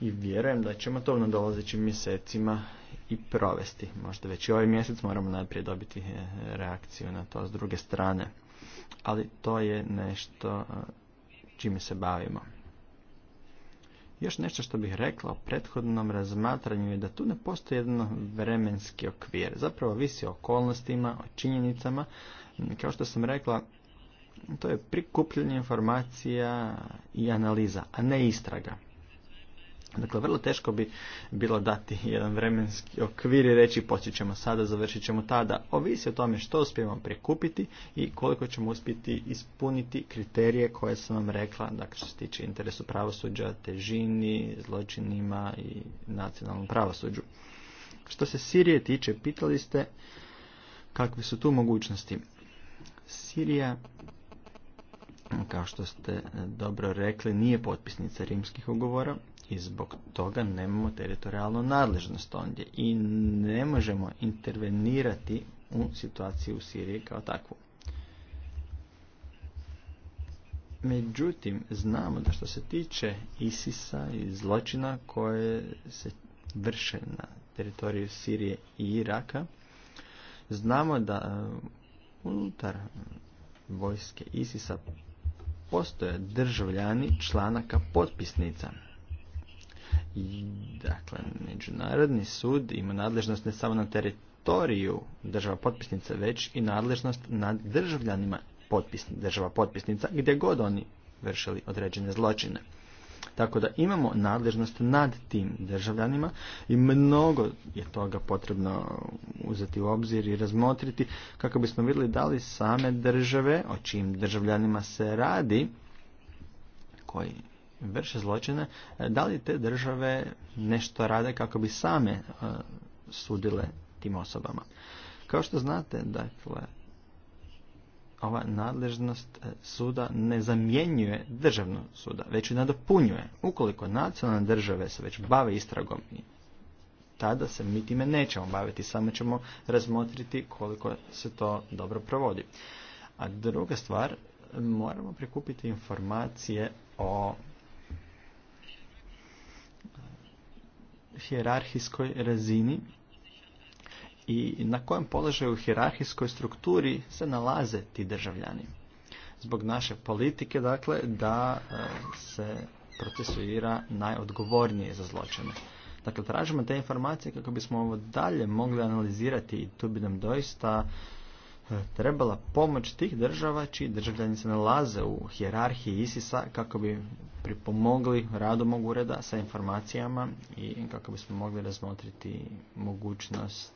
i vjerujem da ćemo to u nadolazećim mjesecima i provesti. Možda već i ovaj mjesec moramo najprije dobiti eh, reakciju na to s druge strane ali to je nešto e, čime se bavimo. Još nešto što bih rekla o prethodnom razmatranju je da tu ne postoji jedan vremenski okvir. Zapravo visi o okolnostima, o činjenicama. Kao što sam rekla, to je prikupljanje informacija i analiza, a ne istraga. Dakle, vrlo teško bi bilo dati jedan vremenski okvir i reći počet ćemo sada, završit ćemo tada. Ovisi o tome što uspijemo prikupiti i koliko ćemo uspjeti ispuniti kriterije koje sam vam rekla, dakle što se tiče interesu pravosuđa, težini, zločinima i nacionalnom pravosuđu. Što se Sirije tiče, pitali ste kakve su tu mogućnosti. Sirija kao što ste dobro rekli, nije potpisnica rimskih ugovora, i zbog toga nemamo teritorijalnu nadležnost ondje i ne možemo intervenirati u situaciju u Siriji kao takvu. Međutim, znamo da što se tiče Isisa i zločina koje se vrše na teritoriju Sirije i Iraka, znamo da e, unutar vojske Isisa postoje državljani članaka potpisnica Dakle, Međunarodni sud ima nadležnost ne samo na teritoriju država potpisnica, već i nadležnost nad državljanima država potpisnica gdje god oni vršili određene zločine. Tako da imamo nadležnost nad tim državljanima i mnogo je toga potrebno uzeti u obzir i razmotriti kako bismo vidjeli da li same države o čijim državljanima se radi koji vrše zločine, e, da li te države nešto rade kako bi same e, sudile tim osobama. Kao što znate, dakle, ova nadležnost e, suda ne zamjenjuje državnu suda, već ju nadopunjuje. Ukoliko nacionalne države se već bave istragom, tada se mi time nećemo baviti, samo ćemo razmotriti koliko se to dobro provodi. A druga stvar, moramo prikupiti informacije o hjerarhijskoj razini i na kojem položaju u hjerarhijskoj strukturi se nalaze ti državljani. Zbog naše politike, dakle, da e, se procesuira najodgovornije za zločine. Dakle, tražimo te informacije kako bismo ovo dalje mogli analizirati i tu bi nam doista trebala pomoć tih država čiji državljani se nalaze u hjerarhiji Isisa kako bi pripomogli radu mog ureda sa informacijama i kako bismo mogli razmotriti mogućnost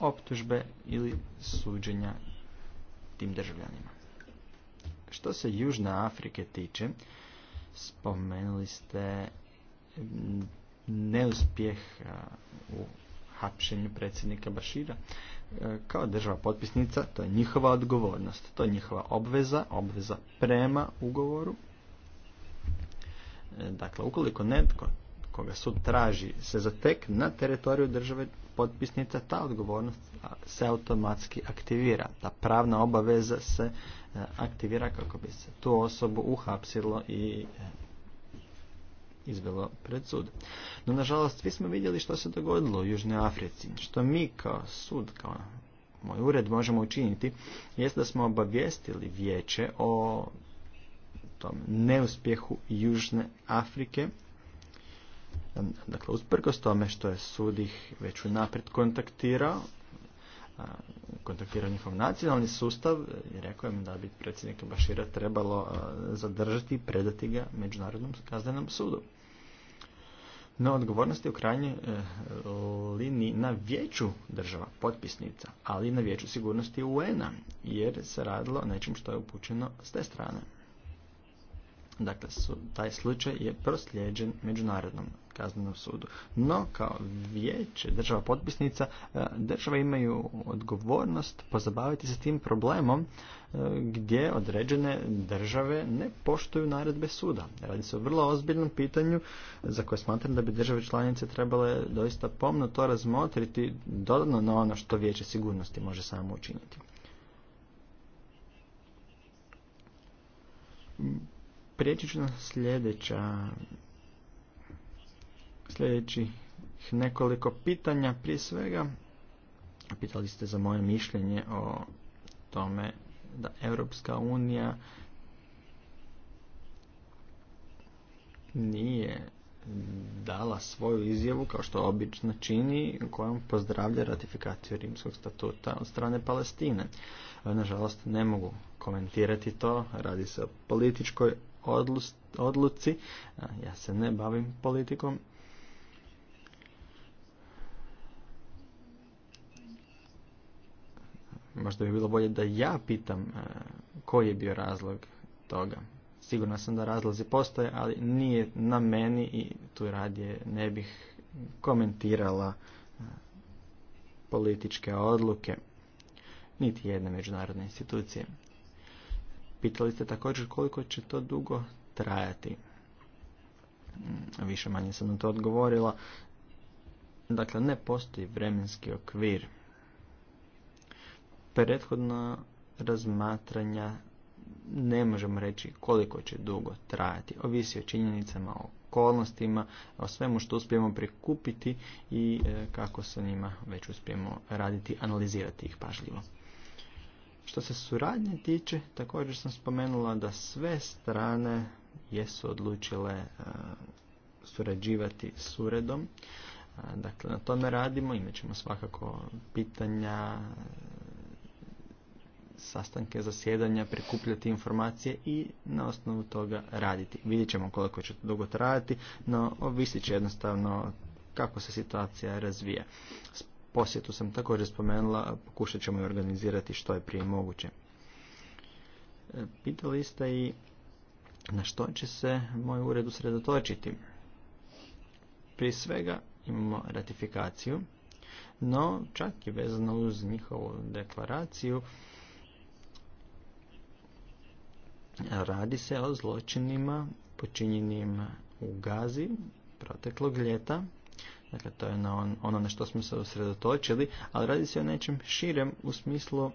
optužbe ili suđenja tim državljanima. Što se Južne Afrike tiče, spomenuli ste neuspjeh u hapšenju predsjednika Bašira. E, kao država potpisnica, to je njihova odgovornost, to je njihova obveza, obveza prema ugovoru. E, dakle, ukoliko netko koga sud traži se zatek na teritoriju države potpisnica, ta odgovornost se automatski aktivira. Ta pravna obaveza se e, aktivira kako bi se tu osobu uhapsilo i izvelo pred sud. No, nažalost, svi smo vidjeli što se dogodilo u Južnoj Africi. Što mi kao sud, kao moj ured možemo učiniti, jest da smo obavijestili vijeće o tom neuspjehu Južne Afrike. Dakle, usprkos tome što je sud ih već unaprijed kontaktirao, kontaktirao njihov nacionalni sustav i rekao im da bi predsjednika Bašira trebalo zadržati i predati ga Međunarodnom kaznenom sudu. No, odgovornost je u krajnjoj e, liniji na vijeću država, potpisnica, ali i na vijeću sigurnosti UN-a, jer se radilo nečim što je upućeno s te strane. Dakle, taj slučaj je proslijeđen Međunarodnom kaznenom sudu. No, kao vijeće država potpisnica, e, države imaju odgovornost pozabaviti se tim problemom e, gdje određene države ne poštuju naredbe suda. Radi se o vrlo ozbiljnom pitanju za koje smatram da bi države članice trebale doista pomno to razmotriti dodano na ono što vijeće sigurnosti može samo učiniti Prijeći ću na sljedeća, sljedećih nekoliko pitanja. Prije svega, pitali ste za moje mišljenje o tome da Europska unija nije dala svoju izjavu, kao što obično čini, kojem pozdravlja ratifikaciju Rimskog statuta od strane Palestine. Nažalost, ne mogu komentirati to, radi se o političkoj odluci. Ja se ne bavim politikom. Možda bi bilo bolje da ja pitam koji je bio razlog toga. Sigurno sam da razlozi postoje, ali nije na meni i tu radije ne bih komentirala političke odluke niti jedne međunarodne institucije. Pitali ste također koliko će to dugo trajati. Više manje sam na to odgovorila. Dakle, ne postoji vremenski okvir. Prethodno razmatranja ne možemo reći koliko će dugo trajati. Ovisi o činjenicama, o okolnostima, o svemu što uspijemo prikupiti i e, kako sa njima već uspijemo raditi, analizirati ih pažljivo. Što se suradnje tiče, također sam spomenula da sve strane jesu odlučile e, surađivati s uredom. E, dakle, na tome radimo, imat ćemo svakako pitanja, e, sastanke, zasjedanja, prikupljati informacije i na osnovu toga raditi. Vidjet ćemo koliko će to dugo trajati, no ovisit će jednostavno kako se situacija razvija posjetu sam također spomenula, pokušat ćemo je organizirati što je prije moguće. E, pitali ste i na što će se moj ured usredotočiti. Prije svega imamo ratifikaciju, no čak i vezano uz njihovu deklaraciju radi se o zločinima počinjenim u Gazi proteklog ljeta Dakle, to je na on, ono na što smo se usredotočili, ali radi se o nečem širem u smislu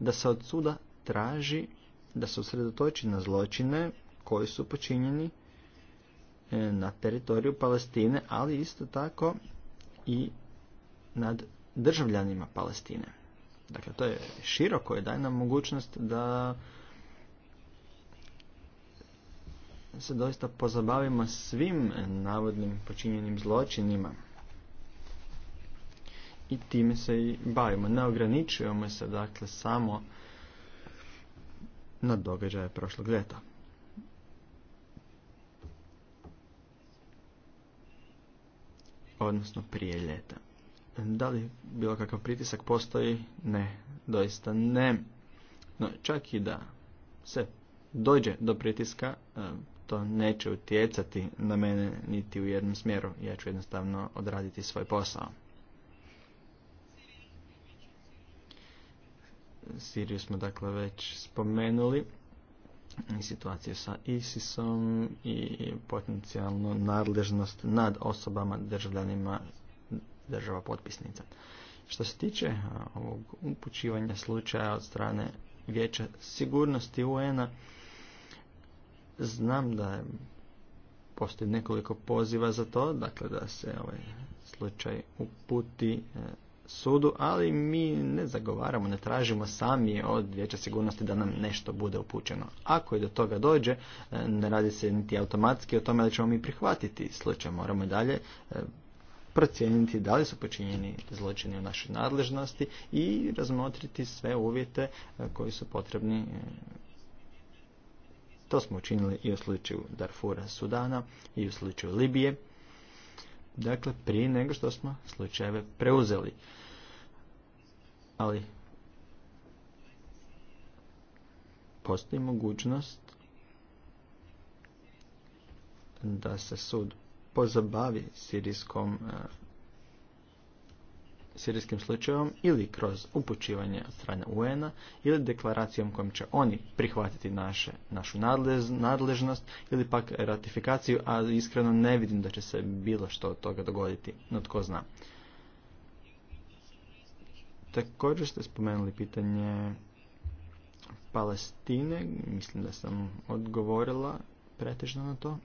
da se od suda traži da se usredotoči na zločine koji su počinjeni e, na teritoriju Palestine, ali isto tako i nad državljanima Palestine. Dakle, to je široko i daje nam mogućnost da se doista pozabavimo svim navodnim počinjenim zločinima. I time se i bavimo. Ne ograničujemo se dakle samo na događaje prošlog leta. Odnosno prije leta. Da li bilo kakav pritisak postoji? Ne, doista ne. No, čak i da se dođe do pritiska, to neće utjecati na mene niti u jednom smjeru. Ja ću jednostavno odraditi svoj posao. Siriju smo dakle već spomenuli i situaciju sa ISIS-om i potencijalnu nadležnost nad osobama državljanima država potpisnica. Što se tiče ovog upućivanja slučaja od strane Vijeća sigurnosti UN-a, Znam da postoji nekoliko poziva za to, dakle da se ovaj slučaj uputi e, sudu, ali mi ne zagovaramo, ne tražimo sami od Vijeća sigurnosti da nam nešto bude upućeno. Ako i do toga dođe, e, ne radi se niti automatski o tome da ćemo mi prihvatiti slučaj. Moramo dalje e, procijeniti da li su počinjeni zločini u našoj nadležnosti i razmotriti sve uvjete koji su potrebni to smo učinili i u slučaju Darfura Sudana i u slučaju Libije. Dakle, prije nego što smo slučajeve preuzeli. Ali postoji mogućnost da se sud pozabavi sirijskom eh, sirijskim slučajevom ili kroz upućivanje od strane UN-a ili deklaracijom kojom će oni prihvatiti naše, našu nadlež, nadležnost ili pak ratifikaciju, a iskreno ne vidim da će se bilo što od toga dogoditi, no tko zna. Također ste spomenuli pitanje Palestine, mislim da sam odgovorila pretežno na to.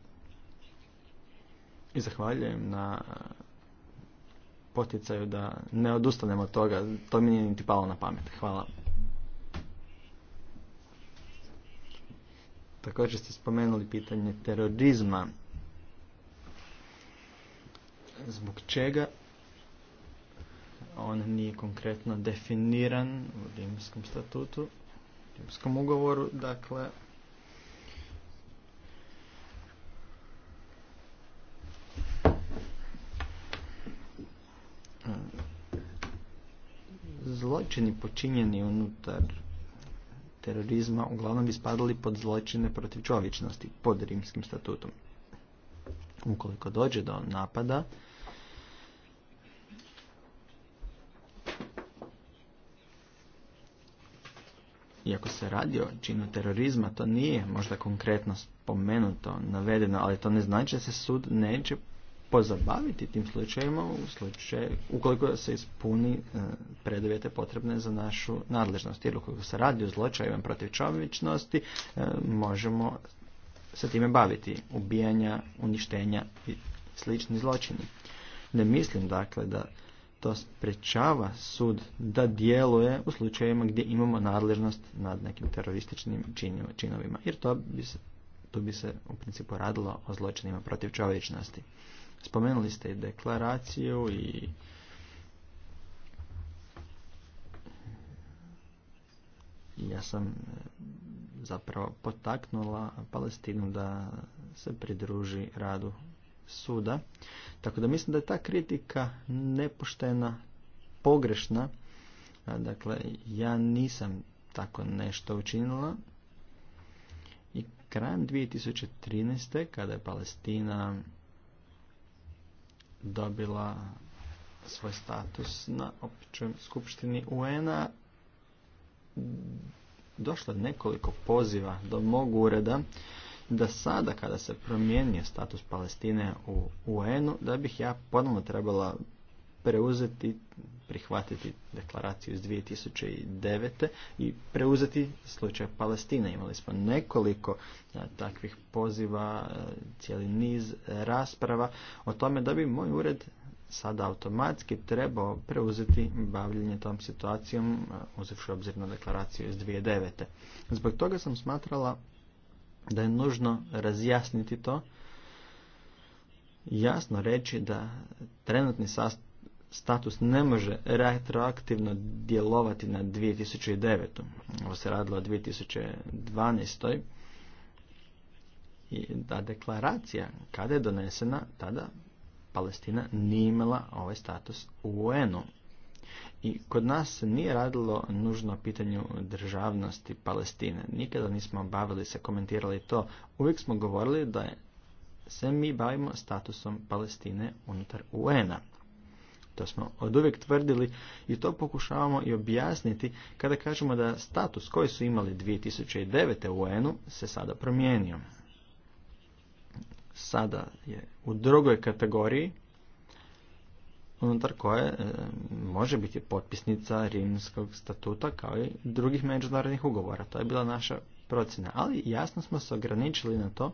I zahvaljujem na poticaju da ne odustanemo od toga. To mi nije niti palo na pamet. Hvala. Također ste spomenuli pitanje terorizma. Zbog čega on nije konkretno definiran u rimskom statutu, rimskom ugovoru, dakle, zločini počinjeni unutar terorizma uglavnom bi spadali pod zločine protiv čovječnosti pod rimskim statutom. Ukoliko dođe do napada, iako se radi o činu terorizma, to nije možda konkretno spomenuto, navedeno, ali to ne znači da se sud neće pozabaviti tim slučajima u slučaju, ukoliko se ispuni e, preduvjete potrebne za našu nadležnost. Jer ukoliko se radi o zločajima protiv čovječnosti, e, možemo se time baviti. Ubijanja, uništenja i slični zločini. Ne mislim dakle da to sprečava sud da djeluje u slučajevima gdje imamo nadležnost nad nekim terorističnim činovima. Jer to bi se, tu bi se u principu radilo o zločinima protiv čovječnosti. Spomenuli ste i deklaraciju i ja sam e, zapravo potaknula Palestinu da se pridruži radu suda. Tako da mislim da je ta kritika nepoštena, pogrešna. Dakle, ja nisam tako nešto učinila. I krajem 2013. kada je Palestina dobila svoj status na općoj skupštini UN-a došlo je nekoliko poziva do mog ureda da sada kada se promijenio status Palestine u UN-u da bih ja ponovno trebala preuzeti prihvatiti deklaraciju iz 2009. i preuzeti slučaj Palestine. Imali smo nekoliko takvih poziva, cijeli niz rasprava o tome da bi moj ured sada automatski trebao preuzeti bavljenje tom situacijom uzivši obzir na deklaraciju iz 2009. Zbog toga sam smatrala da je nužno razjasniti to jasno reći da trenutni sastav status ne može retroaktivno djelovati na 2009. Ovo se radilo o 2012. I ta deklaracija, kada je donesena, tada Palestina nije imala ovaj status u UN-u. I kod nas se nije radilo nužno pitanju državnosti Palestine. Nikada nismo bavili se, komentirali to. Uvijek smo govorili da je se mi bavimo statusom Palestine unutar UN-a. To smo od uvijek tvrdili i to pokušavamo i objasniti kada kažemo da status koji su imali 2009. u UN-u se sada promijenio. Sada je u drugoj kategoriji unutar koje e, može biti potpisnica Rimskog statuta kao i drugih međunarodnih ugovora. To je bila naša procjena, ali jasno smo se ograničili na to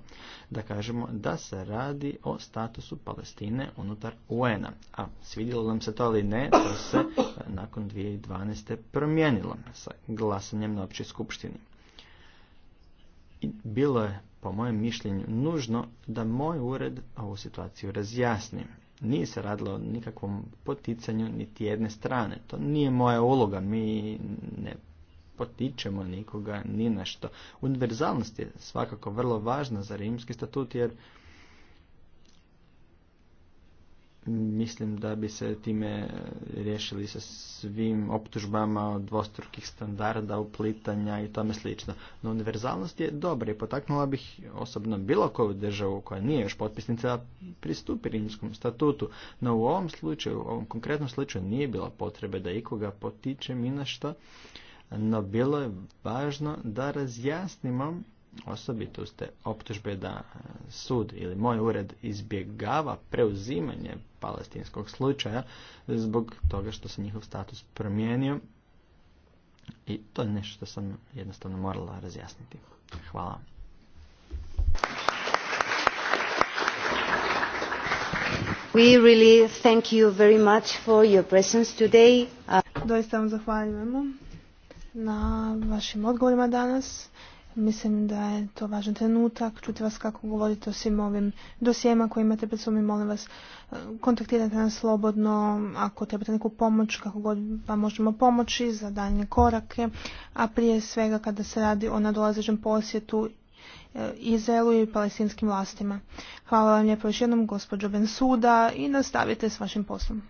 da kažemo da se radi o statusu Palestine unutar UN-a. A svidjelo nam se to ali ne, to se eh, nakon 2012. promijenilo sa glasanjem na općoj skupštini. I bilo je, po mojem mišljenju, nužno da moj ured ovu situaciju razjasni. Nije se radilo o nikakvom poticanju niti jedne strane. To nije moja uloga. Mi ne potičemo nikoga ni na što. Univerzalnost je svakako vrlo važna za rimski statut jer mislim da bi se time e, riješili sa svim optužbama od dvostrukih standarda, uplitanja i tome slično. No univerzalnost je dobra i potaknula bih osobno bilo koju državu koja nije još potpisnica pristupi rimskom statutu. No u ovom slučaju, u ovom konkretnom slučaju nije bilo potrebe da ikoga potiče ni na što no bilo je važno da razjasnimo osobito ste optužbe da e, sud ili moj ured izbjegava preuzimanje palestinskog slučaja zbog toga što se njihov status promijenio i to je nešto što sam jednostavno morala razjasniti. Hvala. We really thank you very much for your presence today. Doista vam zahvaljujemo na vašim odgovorima danas. Mislim da je to važan trenutak. Čuti vas kako govorite o svim ovim dosijema koje imate pred sobom molim vas e, kontaktirajte nas slobodno ako trebate neku pomoć, kako god vam možemo pomoći za daljnje korake. A prije svega kada se radi o nadolazećem posjetu e, Izraelu i palestinskim vlastima. Hvala vam lijepo još jednom gospođo Bensuda i nastavite s vašim poslom.